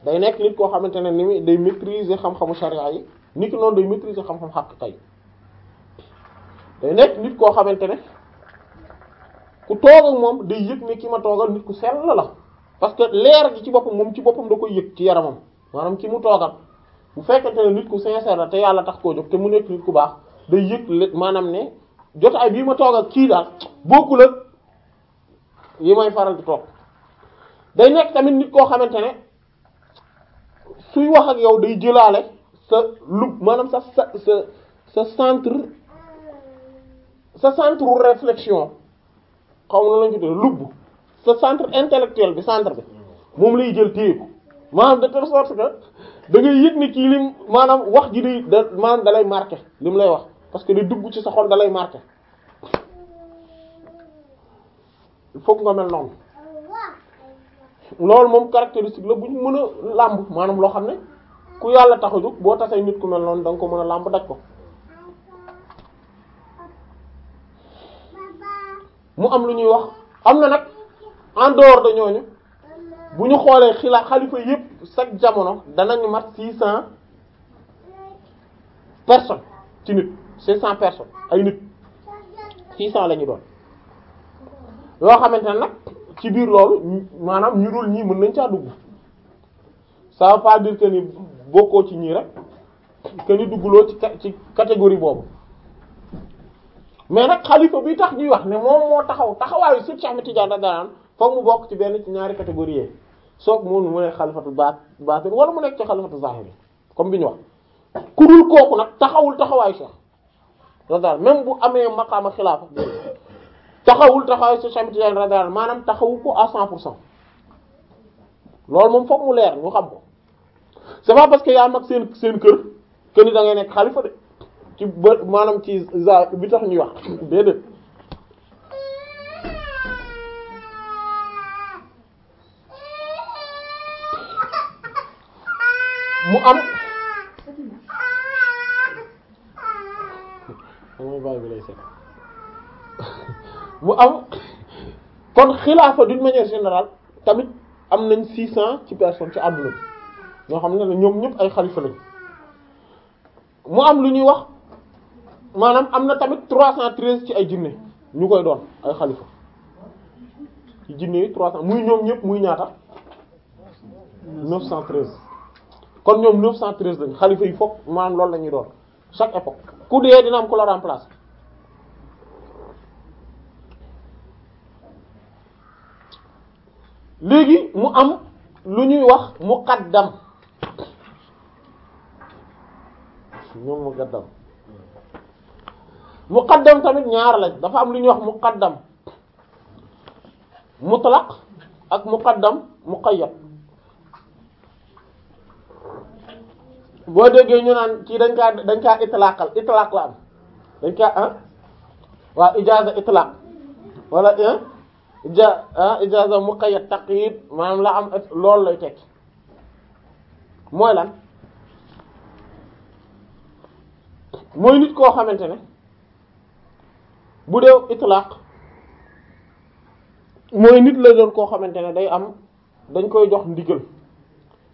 day nekk nit koo xamante ne ni day maîtriser xam-xamu yi nit day maîtriser xam-xam xaqiqa yi day nekk nit koo xamante ne ku toog moom day yëg ne ki ma toogal nit ku sell la parce que leer gi ci boppam moom ci boppam da koy yëg ci yaramam maanaam ki mu toogal bu fekkante ne nit ku sincère la te yàlla tax koo jóg te mu nekk nit ku baax. day yëg le maanaam ne jotaay bii ma toog ak kii daal bokkul ak yi may faral di toog day nekk tamit nit koo xamante ne suy wax ak yow day jëlaale sa lub maanaam sa sa sa sa centre sa centre réflexion xaw na lañu tuddee lubb sa centre intellectuel bi centre bi moom lay jël téye ko maanaam de telle sorte da ngay yëg ni kii lim maanaam wax ji day da maanaam da lay marqué lim lay wax parce que li dugg ci sa xol da lay marqué il nga mel noonu loolu moom caractéristique la bu ñu mën a làmb maanaam loo xam ne ku yàlla taxaju boo tasee nit ku mel noonu da ko mën a làmb daj ko mu am lu ñuy wax am na nag en dehors de ñooñu bu ñu xoolee xila xalifa yépp chaque jamono danañu mat six cents personnes ci nit cent personnes ay nit 600 la ñu doon yoo xamante ne nag ci biir loolu maanaam ñu dul ñii mën nañ caa dugg ça veut pas dire que ni bokkoo ci ñii rek que ni duggloo ci ci catégorie boobu mais nag xalifa bi tax ñuy wax ne moom moo taxaw taxawaayu Cheikh Ahmed Tidiane da daan foog mu bokk ci benn ci ñaari catégorie yi soog moom mu nekk xalifatu baat baatin wala mu nekk ci xalifatu zahiri comme bi ñu wax ku dul kooku nag taxawul taxawaayu Cheikh radar même bu amee maqaama xilaafa taxawul taxaw si Cheikh Tidiane radar maanaam taxawu ko à cent pour cent loolu moom foog mu leer ñu xam ko c'est pas parce que yaa mag seen seen kër que ngay nekk xalifa de ci ba maanaam ci bi tax ñuy wax déedéet mu am mooy baay bi lay seetal mu am kon xilaafa d'une manière général tamit am nañ six cent ci personne ci àdduna bi ñoo xam ne ñoom ñëpp ay xalifa lañ mu am lu ñuy wax maanaam am na tamit trois cent treize ci ay jinne ñu koy doon ay xalifa ci jinne yi trois cent muy ñoom ñëpp muy ñaata neuf cent treize kon ñoom neuf cent treize lañ xalifa yi foog maanaam loolu la ñuy doon chaque époque ku dee dina am ku la remplacer léegi mu am lu ñuy wax muqaddam ñoom muqaddam muqaddam tamit ñaar lañ dafa am lu ñuy wax muqaddam mutlaq ak muqaddam muqayyad boo déggee ñu naan kii dañ kaa dañ kaa itlaqal itlaq la am dañ kaa ah waaw itlaq wala ah ija ah ijaza muqayyad taqyid maanaam la am loolu lay tekki mooy lan mooy nit koo xamante ne bu dee itlaq mooy nit la doon koo xamante ne day am dañ koy jox ndigal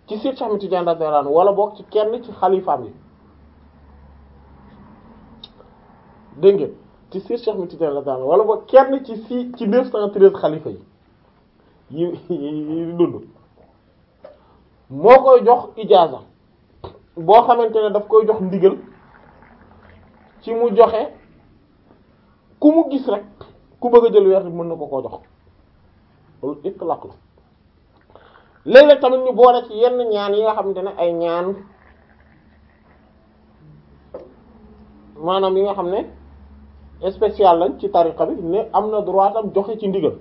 ci Seex Ahmad Tijaan radiyallahu anhu wala boog ci kenn ci xalifaam yi dégg ngeen ci Seex Ahmad Tijaan radiyallahu anhu wala boog kenn ci si ci neuf cent treize xalifa yi yi yi dund moo koy jox ijaaza boo xamante ne daf koy jox ndigal ci mu joxe ku mu gis rek ku bëgg a jël weer mën na ko ko jox loolu itlaq la léeg-léeg tamit ñu boole ci yenn ñaan yi nga xamante ne ay ñaan maanaam yi nga xam ne spécial lañ ci tariqa bi ne am na droit tam joxe ci ndigal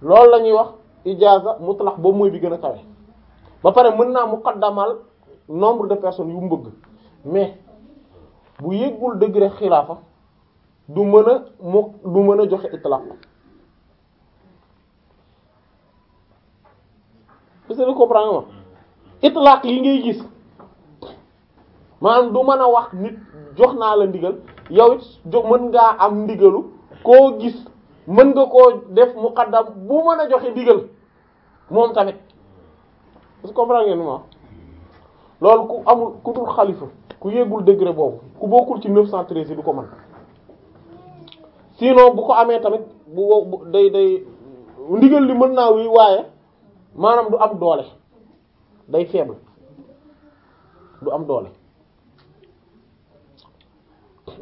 loolu la ñuy wax ijaza mutlaq boobu mooy bi gën a kawe ba pare mën naa muqaddamal nombre de personnes yu mu bëgg mais bu yëggul degré xilaafa du mën a mu du mën a joxe itlaq est-ce que comprendre ma itlaq yi ngay gis maanaam du mën a wax nit jox naa la ndigal yow it mën ngaa am ndigalu koo gis mën nga koo def muqaddam bu mën a joxe ndigal moom tamit est-ce ma loolu ku amul ku xalifa ku yéegul degre boobu ku bokkul ci 913 yi du ko mën sinon bu ko amee tamit bu day day ndigal li mën naa wi waaye maanaam du am doole day faible du am doole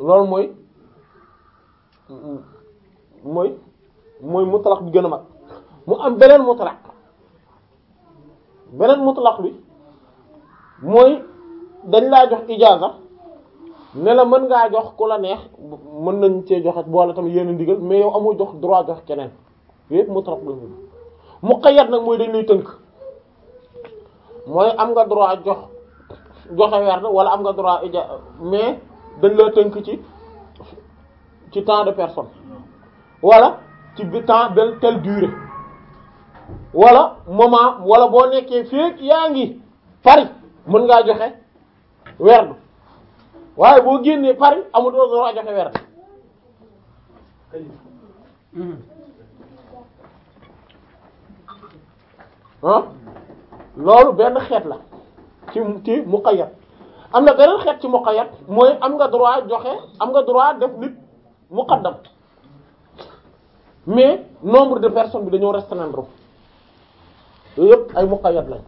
loolu mooy mooy mooy mutlaq bi gën a mag mu am beneen mutlaq beneen mutlaq bi mooy dañ laa jox ijaaza ne la mën ngaa jox ku la neex mën nañ cee joxe boole tamit yenn ndigal mais yow amoo jox droit jox keneen yépp mutlaq lañ muqayyad nag mooy dañ lay tënk mooy am nga droit jox joxe werd wala am nga droit ija mais dañ la tënk ci ci temps de personne wala ci bi temps benn telle durée wala moment wala boo nekkee féeg yaa ngi Paris mën ngaa joxe werd waaye boo génnee Paris amul droit joxe werd ah loolu benn xeet la ci ci muqayyad am na beneen xeet ci muqayyad mooy am nga droit joxe am nga droit def nit muqaddam mais nombre de personnes bi dañoo restreindre yooyu yëpp ay muqayyad lañ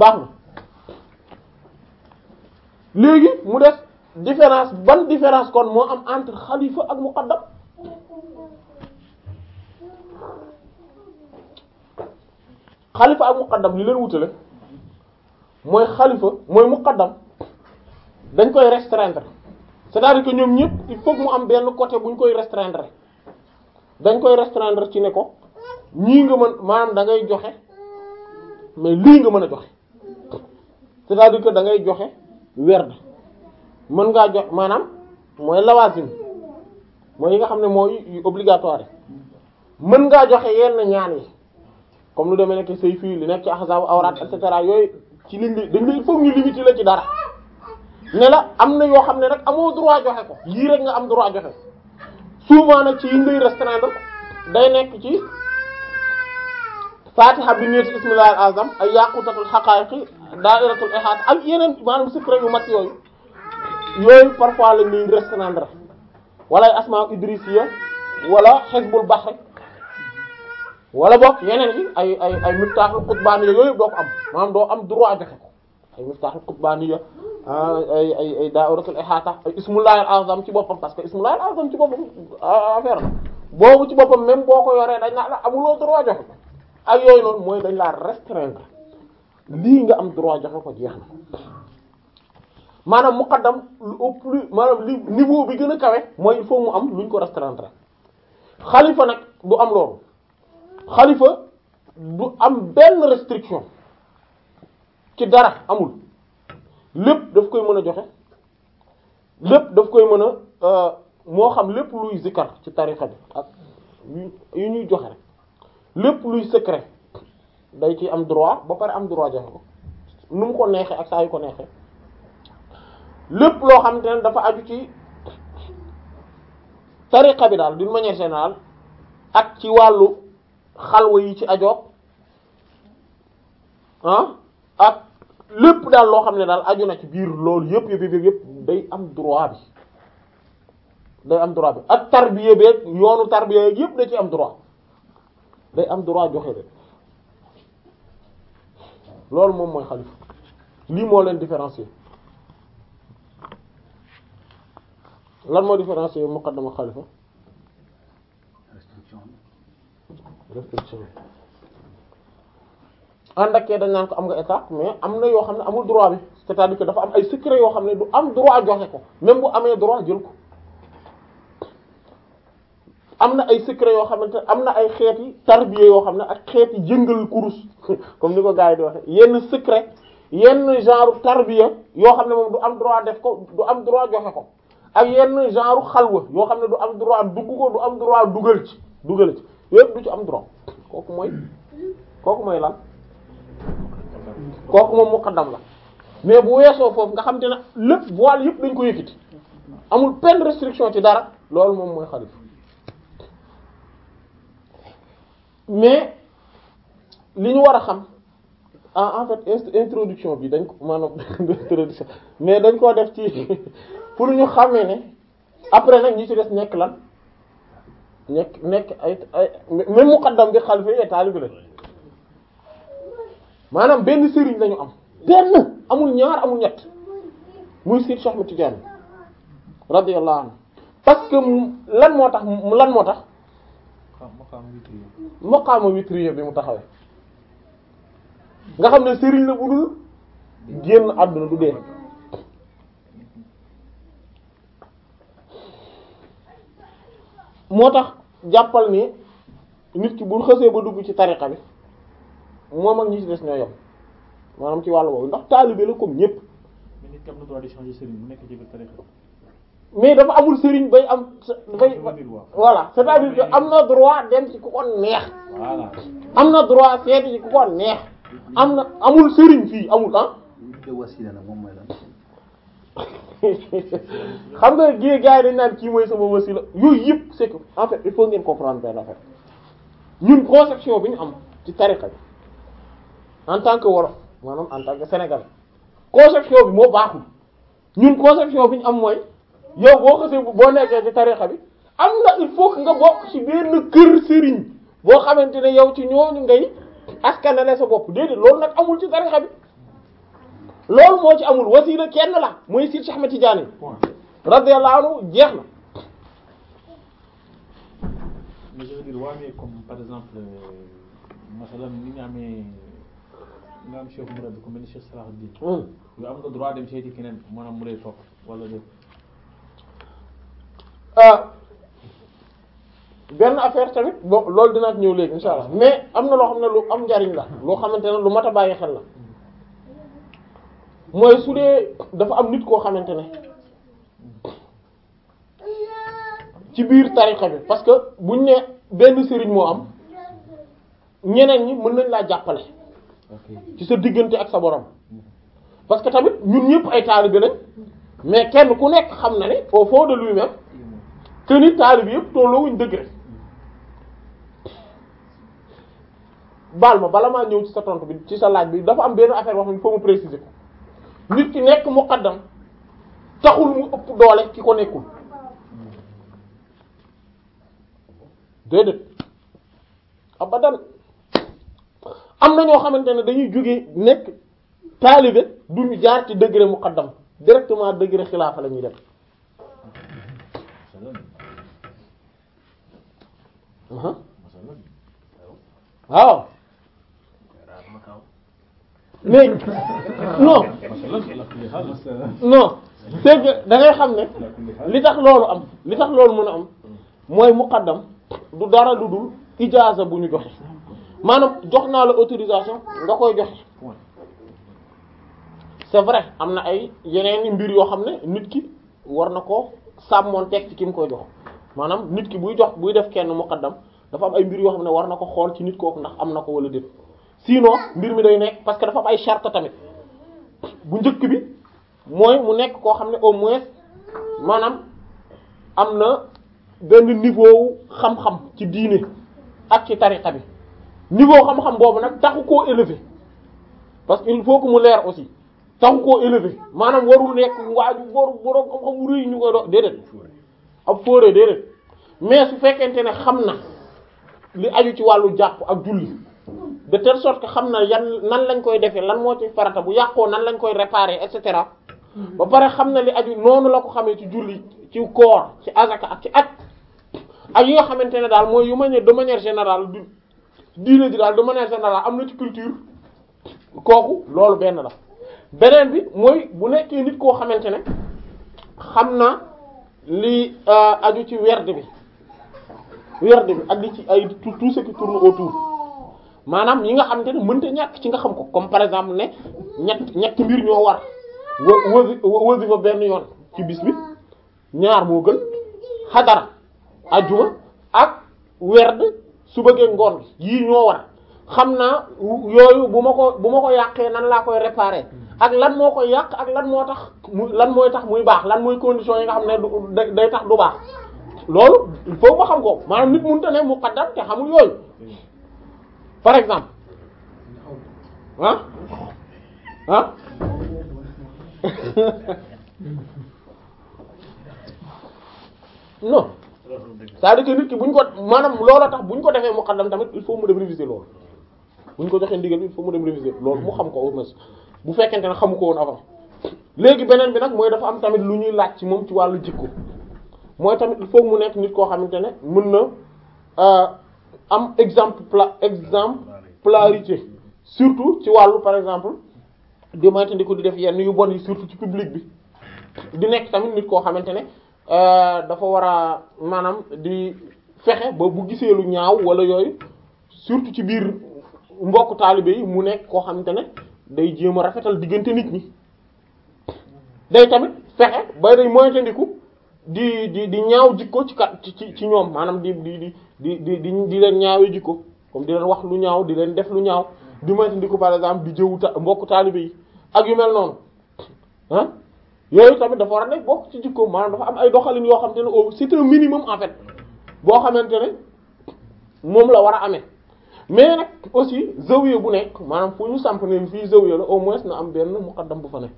baax na léegi mu des différence ban différence kon moo am entre xalifa ak muqaddam xalifa ak muqaddam li leen wutale mooy xalifa mooy muqaddam dañ koy restreindre c'est-à-dire que ñoom ñëpp il faut mu am benn côté bu ñu koy restreindre dañ koy restreindre ci ne ko ñii nga mën maanaam da ngay joxe mais lii nga mën a joxe c'est-à-dire que da ngay joxe werd mën ngaa jox maanaam mooy lawaasim mooy yi nga xam ne mooy obligatoire mën ngaa joxe yenn ñaan yi comme lu demee nekk say fii li nekk ci ahzab awraat et cetera yooyu ci lim bi dañ lay foog ñu limiter la ci dara ne am na yoo xam ne rek amoo droit joxe ko yii rek nga am droit joxe souvent nag ci yi ngay restreindre day nekk ci fatiha bi ñetti ismillah al azam ay yaqutatul haqa'iqi da'iratul ihata ak yeneen maanaam secret yu mag yooyu yooyu parfois la ñuy restreindre wala asma idrisiya wala hizbul bahr wala boog yeneen yi ay ay ay miftaaxul qutbaaniya yooyu doo ko am maanaam doo am droit joxe ko ay miftaaxul qutbaaniya ah, ay ay ay daa'iratul ihaata ay ismullaahil azam ci boppam parce que ismullaahil azam ci boppam ah, ah, affaire la boobu ci boppam même boo ko yoree dañ naa la amuloo droit joxe ko ak yooyu noonu mooy dañ laa restreindre lii nga am droit joxe ko jeex na maanaam muqaddam au plus maanaam niveau bi gën a kawe mooy il faut mu am lu luñ ko restreindre xalifa nag du am loolu. xalifa du am benn restriction ci dara amul lépp daf koy mën a joxe lépp daf koy mën a euh, moo xam lépp luy zikar ci tarixa bi ak yu ñuy joxe rek lépp luy secret day ci am droit ba pare am droit joxe ko nu mu ko neexee ak saa yu ko neexee lépp loo xam te ne dafa aju ci tarixa bi daal d'une manière générale ak ci wàllu xalwa yi ci ajoog ah ak lépp daal loo xam ne daal aju na ci biir loolu yëpp yëpp yëpp yëpp day am droit bi day am droit bi ak tarbiya bi yoonu tarbiya yëpp da ci am droit day am droit joxe de loolu moom mooy xalifa lii moo leen différencier lan moo différencier muqaddama xalifa ànd ak kee dañ naan ko am nga état mais am na yoo xam ne amul droit bi c'est-à-dire dafa am ay secret yoo xam ne du am droit joxe ko même bu amee droit jël ko am na ay secret yoo xamante am na ay xeeti tarbiya yoo xam ne ak xeeti jëngal kurus comme ni ko gars yi di yenn secret yenn genre tarbiya yoo xam ne moom du am droit def ko du am droit joxe ko ak yenn genre xalwa yoo xam ne du am droit dugg ko du am droit dugal ci dugal ci yépp du ci am droit kooku mooy kooku mooy lan kooku moom mu muqaddam la mais bu weesoo foofu nga xam te ne lépp voile yëpp dañ ko yëkkati amul benn restriction ci dara loolu moom mooy xalif mais li ñu war a xam ah, en fait introduction bi dañ ko maanaam introduction mais dañ koo def ci pour ñu xamee ne après nag ñi ci des nekk lan nekk nekk ay ay même muqaddam bi xalifa yi taalibe la maanaam benn sëriñ lañu am benn amul ñaar amul ñett muy siit Cheikh Tidiane radiyallahu anhu parce que lan moo tax lan moo tax maqaama witriya bi mu taxawee nga xam ne sëriñ la bu dul génn àdduna du dee moo tax jàppal ne nit ki bu xësee ba dugg ci tariqa bi moom ak ñi ci des ñoo yem maanaam ci wàllu woowu ndax taalibe la comme ñépp mais dafa amul sëriñ bay am bay voilà c'est-à-dire que am na droit dem ci ku ko neex am na droit seeti ku ko neex am na amul sëriñ fii amul ah xam nga gée gaa yi dañ naan kii mooy sama wasila yooyu yëpp c'est que en fait il faut ngeen comprendre benn affaire ñun conception bi ñu am ci tariqa bi en tant que wolof maanaam en tant que sénégal conception bi moo baaxul ñun conception bi ñu am mooy yow boo xasee boo nekkee ci tariqa bi am na il faut nga bokk ci benn kër sëriñ boo xamante ne yow ci ñooñu ngay askanale sa bopp déedéet loolu nag amul ci tariqa bi. loolu moo ci amul wasiila kenn la mooy Sidi Ahmed Tidiane radiyallahu anhu jeex na. mais je veux dire waa mais comme par exemple euh, masalan ni nga amee nga am Cheikh Mourad ku mel ni Cheikh Salahuddin. Hmm. yow am nga droit dem seeti keneen maanaam mu lay topp wala déet. ah benn tamit bon loolu dinaa ñëw léegi insha mais am na loo xam ne lu am njariñ la loo xamante ne lu mat a bàyyi xel la. mooy su dee dafa am nit koo xamante ne ci biir tariqa bi parce que buñ nee benn sëriñ moo am ñeneen ñi mën nañ laa jàppale ci sa diggante ak sa borom parce que tamit ñun yëpp ay taalibe lañ mais kenn ku nekk xam na ne au fond de lui-même que ni taalibe yëpp tolloowuñ degré baal ma bala maa ñëw ci sa tontu bi ci sa laaj bi dafa am benn affaire wax ni faut mu préciser nit ki nekk muqaddam taxul mu ëpp doole ki ko nekkul déedéet abadan am na ñoo xamante ne dañuy jóge nekk taalibe du ñu jaar ci degré muqaddam directement degré xilaafa lañuy ñuy dem waaw mais non non c'est que xam ne li tax loolu am li tax loolu mën a am mooy muqaddam du dara lu dul ijaaza bu ñu joxe maanaam jox naa la autorisation nga koy joxe c'est vrai am na ay yeneen mbir yoo xam ne nit ki war na ko sàmmoon teg ci ki mu koy jox maanaam nit ki buy jox buy def kenn muqaddam dafa am ay mbir yoo xam ne war na ko xool ci nit kooku ndax am na ko wala déet sinon mbir mi day nekk parce que dafa am ay charte tamit bu njëkk bi mooy mu nekk koo xam ne au moins maanaam am na benn niveau xam-xam ci diine ak ci tariqa bi niveau xam-xam boobu nag taxu ko élevé parce que il faut que mu leer aussi taxu koo élevé maanaam warul nekk waaju boru borom xam-xam wu rëy ñu koy dox déedéet ab fóoree déedéet mais su fekkente ne xam na li aju ci wàllu jàpp ak julli de telle sorte que xam na yan nan lañ koy defee lan moo ci farata bu yàqoo nan lañ koy réparer et cetera ba pare xam na li aju noonu la ko xamee ci julli ci koor ci azaka ak ci at ak yi nga xamante ne daal mooy yu ma ne de manière générale du diine ji daal de manière am na ci culture kooku loolu benn la beneen bi mooy bu nekkee nit koo xamante ne xam na li euh, aju ci werd bi werd bi ak li ci ay tout ce qui tourne autour maanaam yi nga xamante ne mënta ñàkk ki nga xam ko comme par exemple ne ñett ñetti mbir ñoo war wasifa benn yoon ci bis bi ñaar moo gën xadara ajuma ak werd su bëggee ngoon yii ñoo war xam naa yooyu bu ma ko bu ma ko yàqee nan laa koy réparer ak lan moo koy yàq ak lan moo tax mu lan mooy tax muy baax lan mooy condition yi nga xam ne du day tax du baax loolu il ma xam ko maanaam nit ta ne muqaddam te xamul yooyu par exemple ah ah non c'est-à-dire nit ki bu ko maanaam loola tax bu ko defee muqaddam tamit il faut mu dem réviser loolu bu ko joxee ndigal il faut mu dem réviser loolu mu xam ko au moins bu fekkente ne xamu ko woon avant léegi beneen bi nag mooy dafa am tamit lu ñuy laaj ci moom ci wàllu jikko mooy tamit il faut mu nekk nit koo xamante ne mën na. Euh, am exemple pla exemplarité surtout ci wàllu par exemple di moytandiku di def yenn yu bon yi surtout ci public bi di nekk tamit nit koo xamante ne euh, dafa war a maanaam di fexe ba bu gisee lu ñaaw wala yooyu surtout ci biir mbokk taalibe yi mu nekk koo xamante ne day jéem a rafetal diggante nit ñi day tamit fexe ba day moytandiku di di di ñaaw jikko ci kat ci ci ñoom maanaam di di di di di di leen ñaawee jikko comme di wax lu ñaaw di leen def lu ñaaw di ko par exemple di jëwu ta mbokku taalibe yi ak yu mel noonu ah yooyu tamit dafa war a nekk bokk ci jikko maanaam dafa am ay doxalin yoo xam te ne au c'est un minimum en fait boo xamante ne moom la war a amee mais nag aussi zawiya bu nekk maanaam fu ñu samp ne fii zawiya la au moins na am benn mu muqaddam bu fa nekk.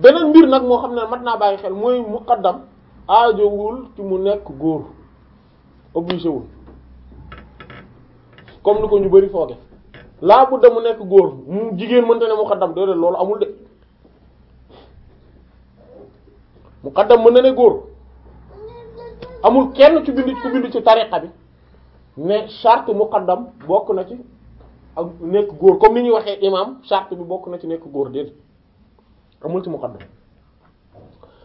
beneen mbir nag moo xam ne mat naa bàyyi xel mooy muqaddam aajowul ci mu nekk góor obligé wul comme ni ko ñu bari fooge laa bu da mu nekk góor mu jigéen mënta ne muqaddam déedéet loolu amul de muqaddam mën na ne góor amul kenn ci bind ku bind ci tariqa bi mais charte muqaddam bokk na ci ak nekk góor comme ni ñuy waxee imam charte bi bokk na ci nekk góor déedéet amul ci muqaddam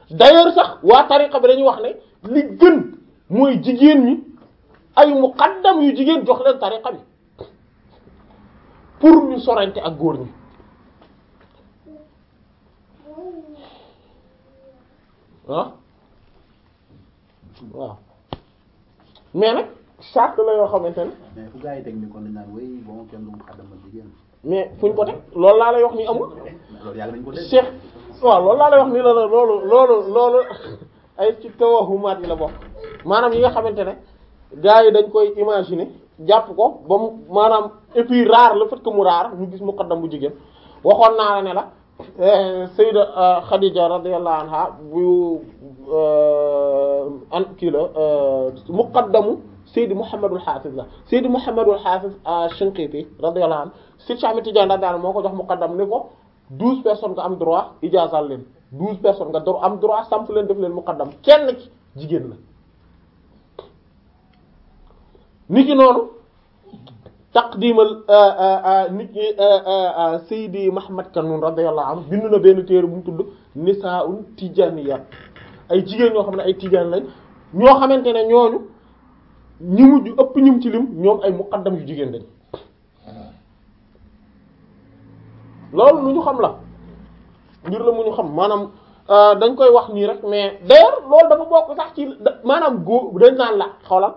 d'ailleurs sax waa tariqa bi dañuy wax ne li gën mooy jigéen ñi ay muqaddam yu jigéen jox leen tariqa bi pour ñu sorante ak góor ñi ah waaw mais nag la yoo xamante ne. mais fu gaa yi teg ni kon dañ naan oui bon kenn mais fuñ ko teg loolu laa lay wax ni amul. loolu yàlla nañ waaw loolu laa lay wax ni la loolu loolu loolu ay ci tawahumaat yi la bokk maanaam yi nga xamante ne gars yi dañ koy imaginer jàpp ko ba mu maanaam et puis rare la fait que mu rare mu gis muqaddam bu jigéen waxoon naa la ne la. Eh, Sayda euh, Khadija radiyallahu anha bu euh, an kii la euh, muqaddamu Seydi Mouhamadul Hafiz la Seydi Mouhamadul Hafiz Shinqiti euh, radiyallahu anhu Seydi Cheikh Tidiane daal moo ko jox muqaddam ni ko douze personnes nga am droit ijaazal leen douze personnes nga door am droit samp leen def leen muqaddam kenn ci jigéen la nit ki noonu taqdimal euh, euh, nit ñi Seydi Mouhamad Kanoun radiyallahu anhu bind na benn téere bu mu tudd Nisaa'un Tijaaniyat ay jigéen ñoo xam ne ay tijaan lañ ñoo xamante ne ñooñu ñi mujj ëpp ñum ci lim ñoom ay muqaddam yu jigéen dañ loolu lu ñu xam la mbir la mu ñu xam maanaam euh, dañ koy wax nii rek mais d'ailleurs loolu dafa bokk sax ci maanaam góor dañ naan la xawla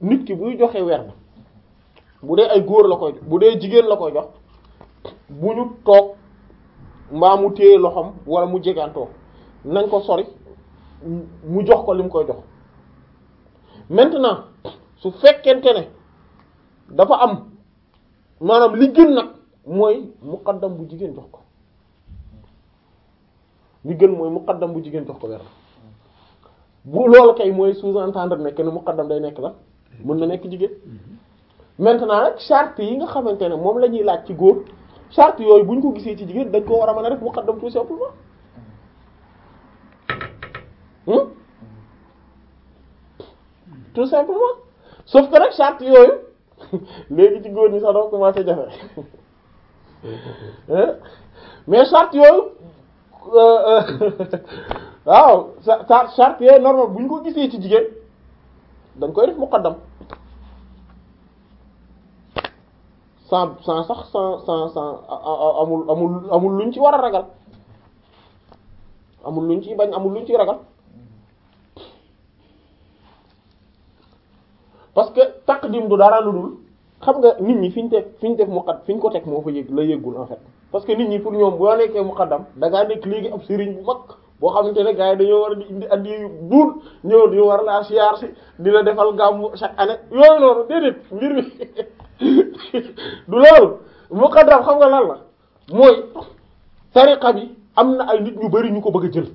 nit ki buy joxe weer bu dee ay góor la koy bu dee jigéen la koy jox bu ñu toog mbaa mu téye loxoom wala mu jegantoo nañ ko sori mu jox ko li mu koy jox maintenant su fekkente ne dafa am maanaam li gën nag mooy muqaddam bu jigéen jox ko li gën mooy muqaddam bu jigéen jox ko weer bu loolu kay mooy sous-entendre nekk ne muqaddam day nekk la mën na nekk jigéen maintenant nag charte yi nga xamante ne moom la ñuy laaj ci góor charte yooyu bu ñu ko gisee ci jigéen dañ ko war a mën a def muqaddam tout simplement hmm? tout simplement sauf que nag charte yooyu léegi ci góor ñi sax doo commencé jafe mais charte yooyu euh, euh, waaw sa charte yooyu normal bu ñu ko gisee ci jigéen dañ koy def muqaddam sans sans sax sans sans sans amul amul amul luñ ci war a ragal amul luñ ci bañ amul luñ ci ragal parce que taqdim du dara lu dul xam nga nit ñi fi ñu teg fi ñu teg muqad fi ñu ko teg moo fa yëg la yëgul en fait parce que nit ñi pour ñoom boo nekkee muqaddam da ngaa nekk léegi ab sëriñ bu mag boo xamante ne gars yi dañoo war a di indi andi buur ñëw di war laa siyaar di la defal gàmmu chaque année yooyu noonu déedéet mbir mi du loolu muqaddam xam nga lan la mooy tariqa bi am na ay nit ñu bari ñu ko bëgg a jël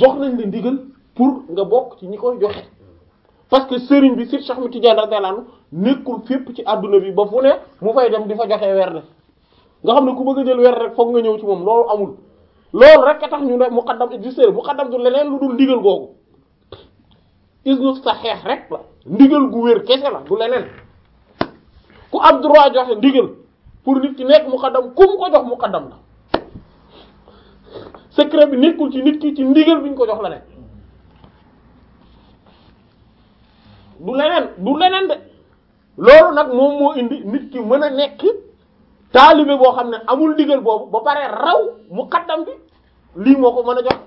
jox nañ la ndigal pour nga bokk ci ñi koy joxe parce que sëriñ bi Cheikh Ahmed Tidiane radiyallahu anhu nekkul fépp ci àdduna bi ba fu ne mu fay dem di fa joxe werd nga xam ne ku bëgg a jël werd rek foog nga ñëw ci moom loolu amul loolu rek a tax ñu ne muqaddam existé muqaddam du leneen lu dul ndigal googu isnu saxeex rek ndigal gu wér kese la du leneen ku am joxe ndigal pour nit ki nekk muqaddam ku mu ko jox muqaddam la secret bi nekkul ci nit ki ci ndigal bi ñu ko jox la ne du leneen du leneen de loolu nag moom moo indi nit ki mën a nekk taalibe boo xam ne amul ndigal boobu ba pare raw mu xaddam bi lii moo ko mën a jox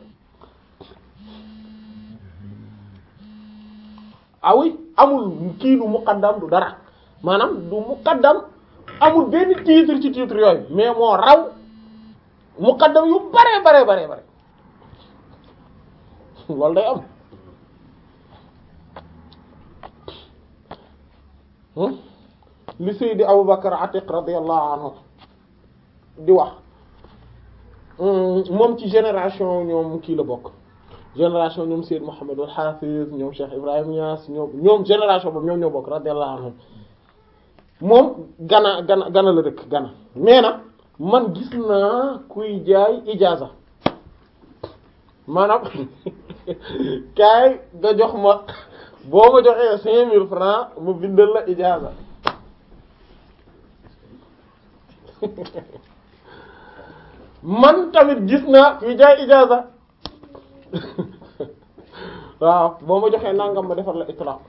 awi ah amul kii du muqaddam du dara maanaam du muqaddam amul benn titre ci titre yooyu mais moo raw muqaddam yu bare bare bare bare loolu day am Hmm? li Seydi Aboubacar Atiq radiyallahu anhu di wax hmm, moom ci génération ñoom kii la bokk génération ñoom Seyd Mouhamed al Hafiz ñoom Cheikh Ibrahim Niass ñoom ñoom génération boobu ñoom ñoo bokk radiyallahu anhum moom gana gana la dëkk gana mais man gis naa kuy jaay ijaza maanaam kaay nga ma boo ko joxee cinq mille francs mu bindal la ijaaza man tamit gis naa kuy jaay ijaaza waaw boo ma joxee nangam ma defar la itlaq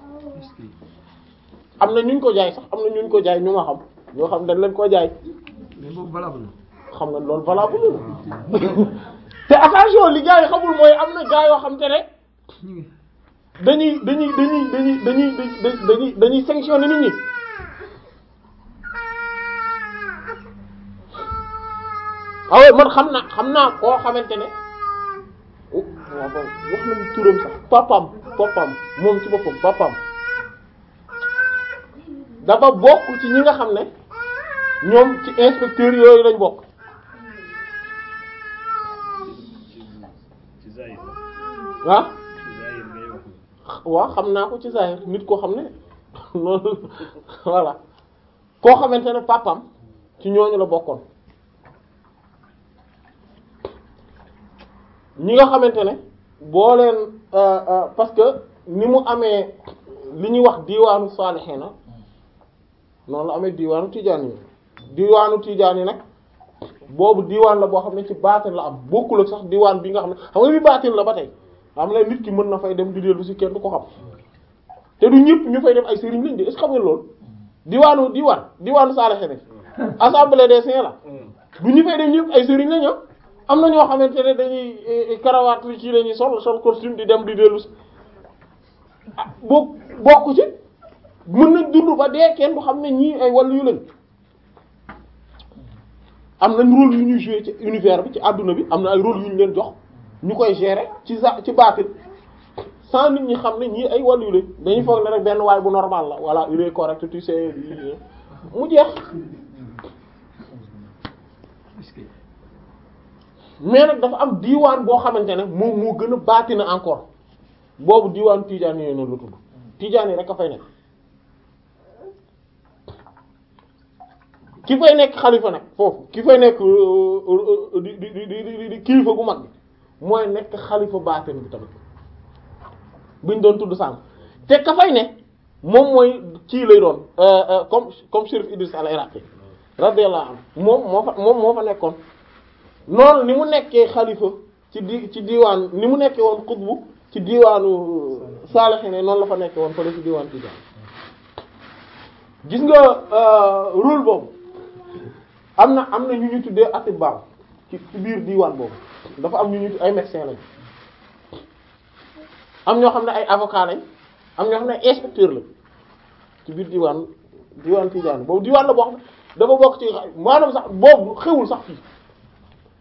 am na ñuñ ko jaay sax am na ñun ko jaay ñu ma xam ñoo xam dañ leen ko jaay xam nga loolu valable la te attention li gars xamul mooy am na gars yoo xam te ne dañuy dañuy dañuy dañuy dañuy dañuy dañuy sanctionné nit man xam naa xam naa koo xamante ne waaw bon wax nañu turam sax papam papam moom ci boppam papam dafa bokk ci ñi nga xam ne ñoom ci inspecteur yooyu lañ bokk ah waa xam naa ko ci zahir nit koo xam ne loolu voilà koo xamante ne papam ci ñooñu la bokkoon ñi nga xamante ne boo leen euh, euh, parce que ni mu amee li ñuy wax diwaanu na noonu la amee diwaanu tijaan yi diwaanu tiijaan yi nag boobu diwaan la boo xam ne ci baatin la am bokkul sax diwaan bi nga xam ne xam nga bi baatin la ba tey xam nga nit ki mën na fay dem di dellu si kenn du ko xam te du ñëpp ñu fay dem ay sëriñ lañ de est-ce diwaanu diwaan diwaanu Saalaxe ne assemblée des saints la du ñu fay dem ñëpp ay sëriñ lañ ah. am na ñoo xamante ne dañuy eh, eh, karawaat li ci lañuy sol dem di dellu si ah, boo mën na dund ba kenn du xam ne ñii ay wàllu yu lañ am nañ rôle yu ñuy jouer ci univers bi ci àdduna bi am na ay rôle yu ñu leen jox ñu koy gérer ci sa ci baatil sans nit ñi xam ne ñii ay wàllu lañ dañuy foog ne rek benn waay bu normal la voilà il est correct mu jeex mais nag dafa am diwaan boo xamante ne moom moo gën a baati na encore boobu diwaan tijaan yooyu noonu la tudd tijaan yi rek a fay nekk ki fay nekk xalifa nag foofu ki fay nekk euh, euh, di di di di kilifa gu mag mooy nekk xalifa baatin bi tamit buñ doon tudd sànq te ka fay ne moom mooy kii lay doon euh, euh, comme comme Chérif Idriss Al Iraqi radiyallahu anhu moom moo fa moom moo fa nekkoon noonu ni mu nekkee xalifa ci di ci diwaan ni mu nekkee woon xutbu ci diwaanu saalixiin noonu la fa nekkee woon fële ci diwaan Tijaan gis nga euh, rôle boobu am na am na ñu ñu tuddee atibaaw ci ci biir diwaan boobu dafa am ñu ñu ay médecin lañ am ñoo xam ne ay avocat lañ am ñoo xam ne ay inspecteur lañ ci biir diwaan diwaan Tidiane boobu diwaan la boo xam ne dafa bokk ci maanaam sax boobu xewul sax fii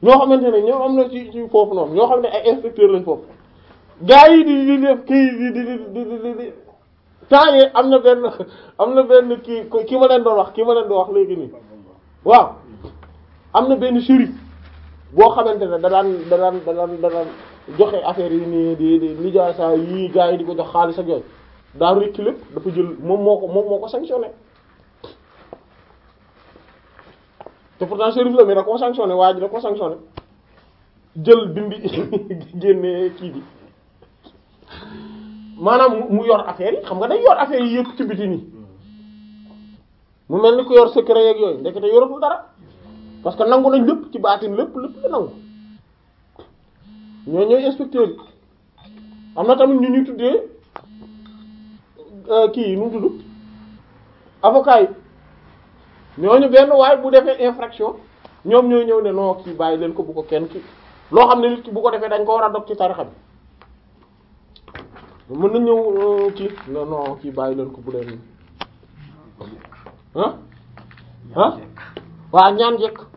ñoo xamante ne ñoo am na ci ci foofu noonu ñoo xam ne ay inspecteur lañ foofu gaa yi di di kii di di di di di temps yi am na benn am na benn kii ki ma leen doon wax kii ma leen doon wax léegi nii waaw am na benn shérif boo xamante ne da daan da daan da daan joxe affaire yi nii di di lijaasa yii gars yi di ko jox xaalis ak yooyu daa reculer dafa jël moom moo ko moom moo ko sanctionné te pourtant shérif la mais da koo waa ji da koo sanctionné jël dindi génne kii bi maanaam mu yor affaire yi xam nga day yor affaire yi yëpp ci biti nii mu mel ni ku yor secret yeeg yooyu ndekete yoratul dara. parce que nangu nañ lépp ci baatin lépp lépp la nangu ñoo ñooy inspecteurs am na tamit ñu ñuy tuddee euh, kii yi nu mu tudd avocat yi ñooñu benn waaye bu defee infraction ñoom ñoo ñëw ne non kii bàyyi leen ko bu ko kenn ki loo xam ne nit ki bu ko defee dañ ko war a dog ci tarixa bi mën na ñëw euh, kii non non kii bàyyi leen ko bu leen ah ah waa ñaan jekk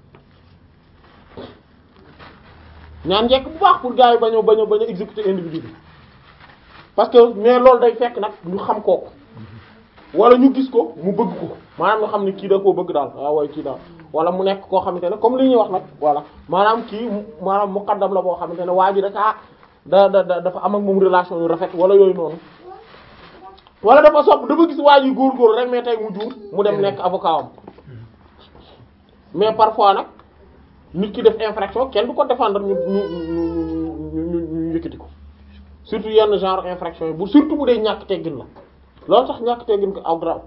ñaan njekk bu baax pour gars yi bañ a bañ a bañ exécuter individu bi parce que mais loolu day fekk nag ñu xam kooku wala ñu gis ko mu bëgg ko maanaam nga xam ne kii da koo bëgg daal waaw waaye kii daal wala mu nekk koo xamante ne comme li ñuy wax nag voilà maanaam kii maanaam mu muqaddam la boo xamante ne waa ji ah, da kaa da da dafa am ak moom relation yu rafet wala yooyu noonu wala dafa sopp dafa gis waa ji góor-góor rek mais tey mu juur mu dem mm. nekk avocat am mais parfois nit ki def infraction kenn du ko défendre ñu ñu ñu ñu ñu yëkkati ko surtout yenn genre infraction yi bu surtout bu dee ñàkk teggin la loolu tax ñàkk teggin ko aw grave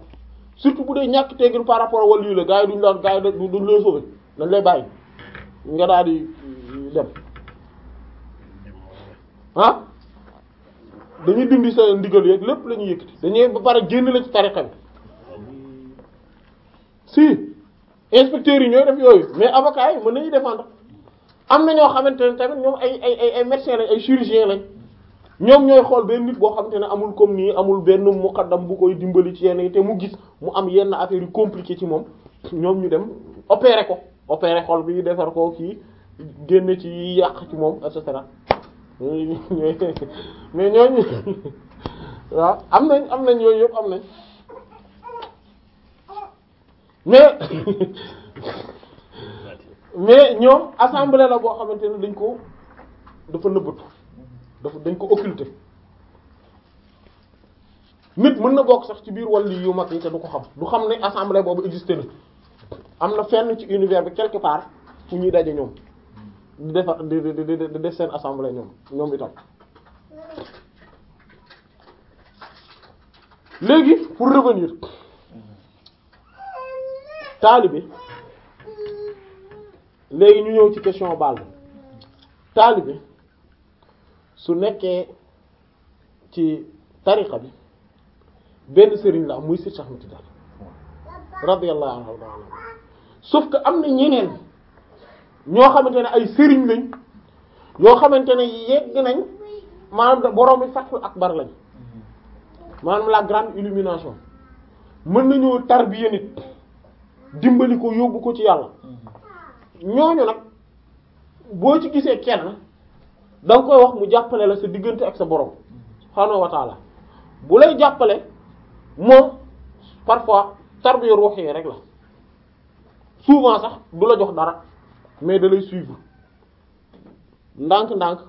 surtout bu dee ñàkk teggin par rapport wala lii la gars yi duñ la gars yi duñ la sauver dañ lay bàyyi nga daal di euh, dem ah dañuy dindi sa ndigal yeeg lépp la ñuy yëkkati dañuy ba pare génn la ci tariqa bi si. inspecteurs yi ñooy def yooyu mais avocats yi mën nañu défendre am na ñoo xamante ne tamit ñoom ay ay ay médecins lañ lañ ñoom ñooy xool benn nit boo xamante ne amul comme nii amul benn mu muqaddam bu koy dimbali ci yenn yi te mu gis mu am yenn affaires yu compliquées ci moom ñoom ñu dem opérer ko opérer xol bi defar ko kii génn ci yàq ci moom et mais ñooñu waaw am nañ am nañ yooyu yëpp am nañ. mais mais ñoom assemblée la boo xamante ne dañ ko dafa nëbbatu dafa dañ ko occulter nit mën na bokk sax ci biir wàllu yu mag yi te du ko xam du xam ne assemblée boobu existé na am na fenn ci univers bi quelque part fu ñuy daje ñoom di defar di di di di def seen assemblée ñoom ñoom itam. léegi pour revenir. taalibe léegi ñu ñëw ci question baal bi taalibe su nekkee ci tariqa bi benn sëriñ la am muy Seex Ahmadu Tijaan radiyallahu anhu sauf que am na ñeneen ñoo xamante ne ay sëriñ lañ ñoo xamante ne yegg nañ maanaam borom bi Fathul Akbar lañ mm-hmm. maanaam la grande illumination mën nañoo tarbiya nit dimbali ko yóbbu ko ci yàlla mm-hmm. ñooñu nag boo ci gisee kenn da koy wax mu jàppale la sa diggante ak sa borom mm-hmm. subhaanahu wa taala bu lay jàppale moom parfois tarbiya ruuhi rek la souvent sax du la jox dara mais da lay suivre ndànk-ndànk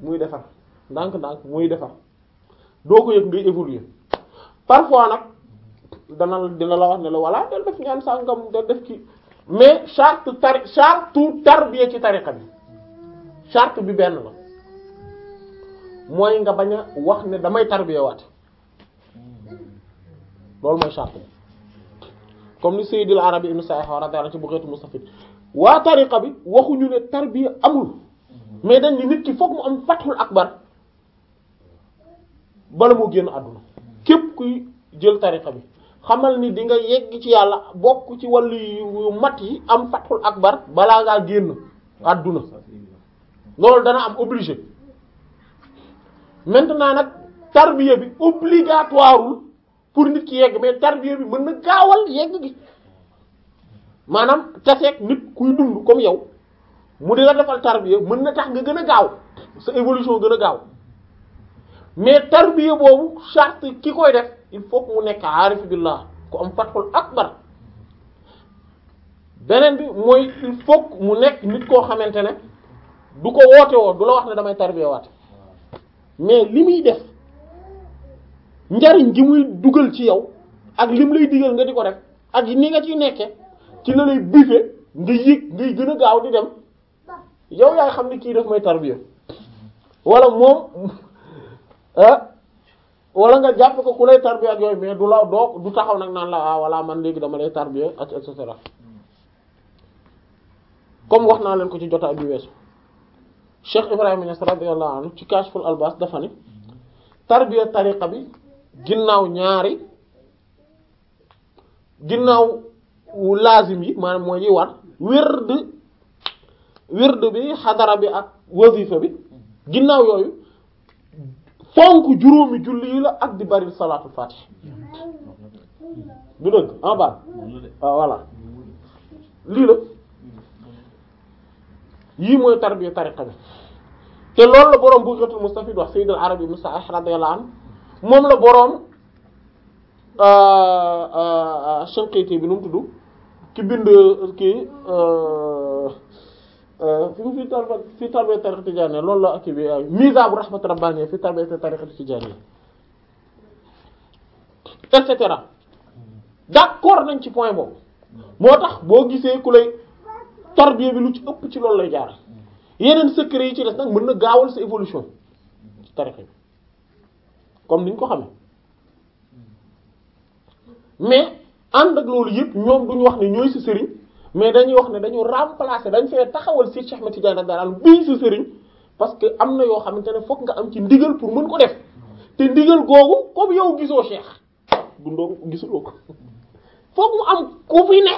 muy defar ndànk-ndànk muy defar doo ko yëg ngay évoluer parfois nag dana dina la wax ne la walla del def ñaan sàngam del def ci mais charte tar charte tarbiya ci tariqa bi charte bi benn la mooy nga bañ a wax ne damay tarbiya waat loolu mooy charte bi comme ni Sayyidul Arabi ibn Sa'ih radiyallahu ci Bughyatul Mustafid waa tariqa bi waxuñu ne tarbiya amul mais dañ ni nit ki fokk mu am fathul akbar bala moo génn àdduna képp kuy jël tariqa bi xamal ni di nga yegg ci yàlla bokk ci wàllu yu mat yi am fathul akbar balaa ngaa génn àdduna loolu dana am obligé maintenant nag tarbiya bi obligatoire pour nit ki yegg mais tarbiya bi mën na gaawal yegg gi maanaam taseeg nit kuy dund comme yow mu di la defal tarbiya mën na tax nga gën a gaaw sa évolution gën a gaaw mais tarbiya boobu charte ki koy def il faut que mu nekk aarif billah ku am fathul akbar beneen bi mooy il faut mu nekk nit koo xamante ne du ko woote woon du la wax ne damay tarbiya waat mais li muy def njariñ gi muy dugal ci yow ak lim lay digal nga di ko def ak ni nga ciy nekke ci la lay bife nga yëg ngay gën a gaaw di dem yow yaay xam ne kii daf may tarbiya wala moom Eh? wala nga jàpp ko ku lay tarbiya ak yooyu mais du la doo du taxaw nag naan la ah voilà man léegi dama lay tarbiya ak comme wax naa leen ko ci jota bi weesu Cheikh Ibrahima Niass radiyallahu anhu ci Kashful Albas dafa ne tarbiya tariqa bi ginnaaw ñaari ginnaaw laazim yi maanaam mooy yi war wird wird bi xadara bi ak wazifa bi ginnaaw yooyu fonk juróomi julli yi la ak di bari salaatul fatih du dëgg en bas ah, voilà lii la yii mooy tarbiya tariqa bi te loolu la boroom Bughyatul Mustafid wax Sayyid al-Arabi ibn Sa'd radiyallahu anhu moom la boroom ah, ah, Shinqiti bi nu ki bind kii Euh, fi mu fi tarba fi tarbe tariqa tijaaniya loolu la ak bi a bu rahmat rabbaniya fi tarbe tariqa tijaaniya et cetera d'accord nañ ci point boobu moo tax boo gisee ku lay tarbiya bi lu ci ëpp ci loolu lay jaar yeneen secret yi ci des nag mën na gaawal sa évolution ci tariqa bi comme niñ ko xamee mais ànd ak loolu yëpp ñoom duñu wax ne ñooy sa sëriñ mais dañuy wax ne dañu remplacer dañ fee taxawal Cheikh Ahmed Tidiane daal bii su sëriñ parce que am na yoo xamante ne foog nga am ci ndigal pour mën ko def te ndigal googu comme yow gisoo Cheikh dundoo gisuloo ko fokk mu am ku fi ne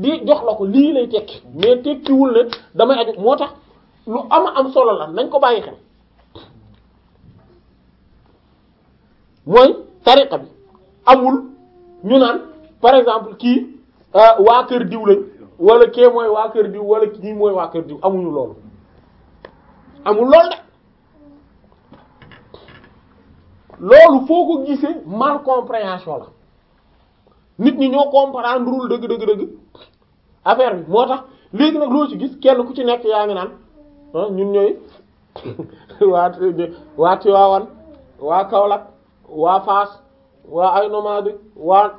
di jox la ko lii lay tekki mais tekkiwul ne damay aju moo tax lu ama am solo la nañ ko bàyyi xel mooy tariqa bi amul ñu naan par exemple kii euh, waa kër diw lañ. wala kee mooy waa kër diw wala ñi mooy waa kër diw amuñu loolu amul loolu de loolu foo ko gisee mal compréhension la nit ñi ñoo comprendre rul dëgg dëgg dëgg affaire bi moo tax léegi nag loo ci gis kenn ku ci nekk yaa ngi naan ah, ñun ñooy waa waa Tiwaawan waa Kaolack waa Faas waa ay nomade waa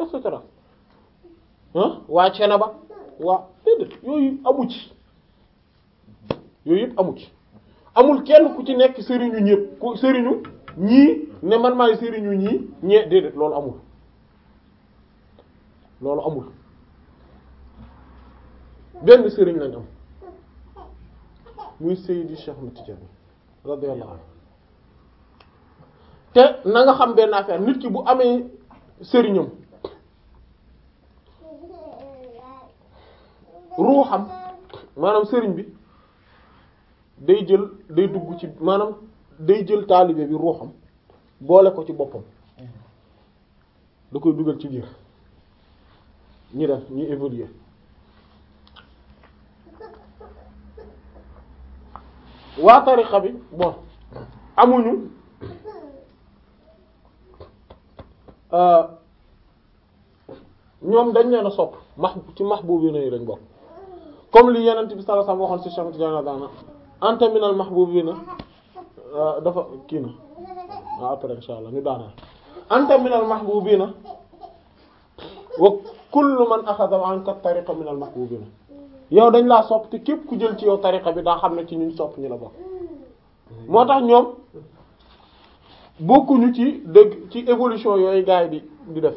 et cetera ah, waa Cenaba waaw déedéet yooyu amu ci yooyu yëpp amu ci amul kenn ku ci nekk sëriñu ñëpp ku sëriñu ñii ne man maay sëriñu ñii ñee déedéet loolu amul loolu amul benn sëriñ lañ am muy Seydi Cheikh Ahmed Tidiane radiyallahu anhu te nanga xam benn affaire nit ki bu amee sëriñam ruuxam maanaam sëriñ bi day jël day dugg ci maanaam day jël taalibe bi ruuxam boole ko ci boppam da koy dugal ci biir ñi def ñu évoluer waa tarixa bi bon amuñu euh, ñoom dañ leen a sopp max ci max boobu nañu lañ bokk comme li yenent bi sallallahu alayhi wasallam waxoon si Cheikh Tidiane daana anta minal mahbubina euh, dafa kii na waa ah, après inshallah ñu daana anta minal mahbubina wa kullu man akhadha anka tariqa minal mahbubina yow dañ laa sopp te képp ku jël ci yow tariqa bi daa xam ne ci ñu sopp ñu la bokk moo tax ñoom bokkuñu ci dëgg ci évolution yooyu gaay di di def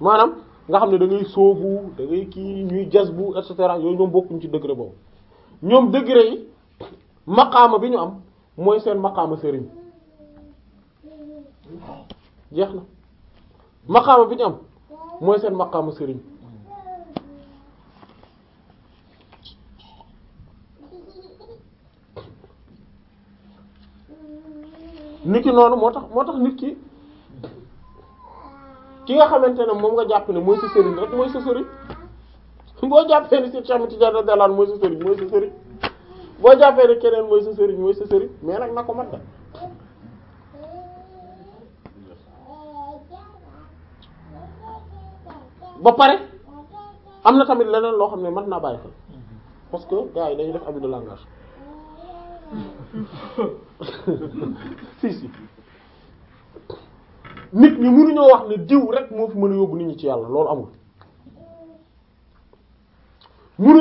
maanaam nga xam ne da ngay sóobu kii ñuy jas bu et yooyu ñoom bokkuñ ci degré boobu ñoom degré yi maqaama bi ñu am mooy seen maqaama sëriñ jeex na maqaama bi am mooy seen maqaama sëriñ nit ki noonu moo tax moo tax nit ki ki nga xamante ne moom nga jàpp ne mooy sa sëriñ rek mooy sa sëriñ boo jàppee ni si Cheikh Tidiane radiyallahu anhu mooy boo jàppee ne keneen mooy sa sëriñ mooy sa sëriñ mais nag na ko mat da ba pare am na tamit leneen loo xam ne mat naa bàyyi xel parce que gars yi dañuy def abus de nit ñi mënuñoo wax ne diw rek moo fi mën a yóbbu nit ñi ci yàlla loolu amul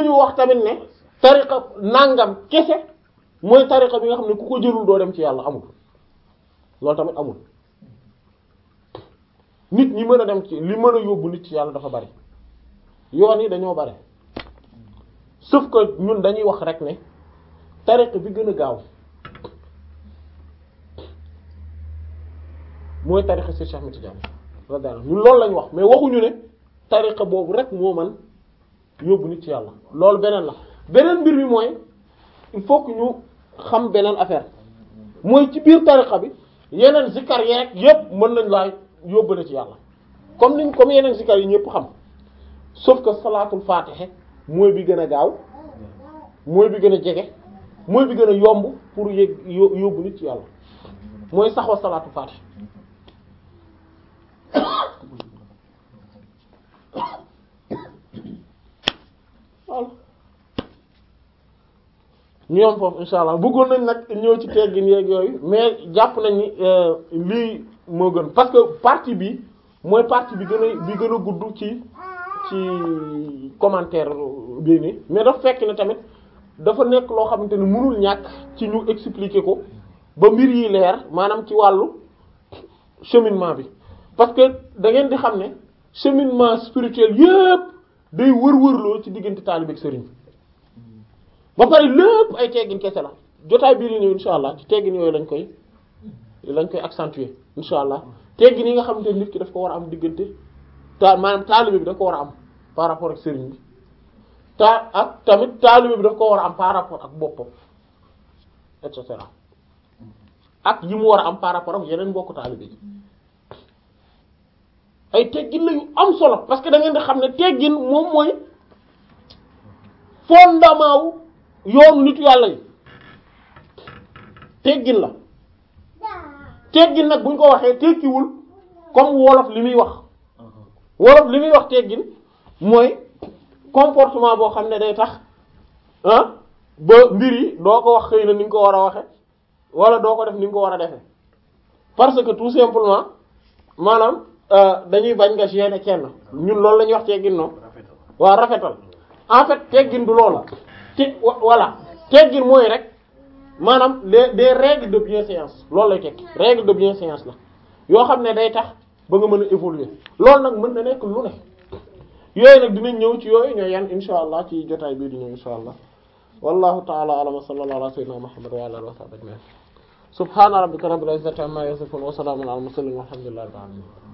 ñu wax tamit ne tariqa nangam kese mooy tariqa bi nga xam ne ku ko jëlul doo dem ci yàlla amul loolu tamit amul nit ñi mën a dem ci li mën a yóbbu nit ci yàlla dafa bari yoon yi dañoo bari sauf ko ñun dañuy wax rek ne tariqa bi gën a gaaw mooy tariqa Cheikh Ahmed Tidiane radiyallahu ñun loolu lañ wax mais waxuñu ne tariqa boobu rek moo man yóbbu nit ci yàlla loolu beneen la beneen mbir mi mooy il faut que ñu xam beneen affaire mooy ci biir tariqa bi yeneen zikar yeeg yépp mën nañ laa yóbbale ci yàlla comme niñ comme yeneen zikar yi ñépp xam sauf que salaatul fatiha mooy bi gën a gaaw mooy bi gën a jege mooy bi gën a yomb pour yég yóbbu nit ci yàlla mooy saxoo salaatul fatiha ñu yom foofu insha allah bëggoon nañ nag ñëw ci teggin yeeg yooyu mais jàpp nañ ni euh, lii moo gën parce que partie bi mooy partie bi gën a bi gën a gudd ci ci commentaire bii nii mais dafa fekk ne tamit dafa nekk loo xamante ni mënul ñàkk ci ñu expliquer ko ba mbir yi leer maanaam ci wàllu cheminement bi parce que da di xam ne cheminement spirituel yépp day wër-wërloo ci diggante taalibe ak sëriñ ba pare lépp ay teggin kese la jotaay bii la ñëw insha allah ci teggin yooyu lañ koy lañ koy accentuer insha allah teggin yi nga xam ne nit ki daf ko war a am diggante ta maanaam bi daf ko war a am par rapport ak sëriñ bi ta ak tamit taalibe bi daf ko war a am par rapport ak boppam et cetera ak yi mu war a am par rapport ak yeneen mbokku taalibe yi ay teggin la yu am solo parce que da ngeen di xam ne teggin moom mooy fondement wu yoonu nitu yàlla yi teggin la teggin nag buñ ko waxee tekkiwul comme wolof li muy wax wolof li muy wax teggin mooy comportement boo xam ne day tax ah ba mbir doo ko wax xëy na ni nga ko war a waxee wala doo ko def ni nga ko war a defee parce que tout simplement maanaam Euh, dañuy bañ nga gêner na ñun loolu la ñuy wax teggin noonu waaw rafetal en fait teggin du loolu te voilà teggin mooy rek maanaam les des règles de bienséance loolu lay tekki règle de bienséance la yoo xam ne day tax ba nga mën a évoluer loolu nag mën na nekk lu ne yooyu nag dinañ ñëw ci yooyu ñooy yan insha allah ci jotaay bii di ñëw insha allah wallahu ta'ala a'lam wa sallallahu ala sayyidina muhammad wa ala alihi wa sahbihi ajma'in subhana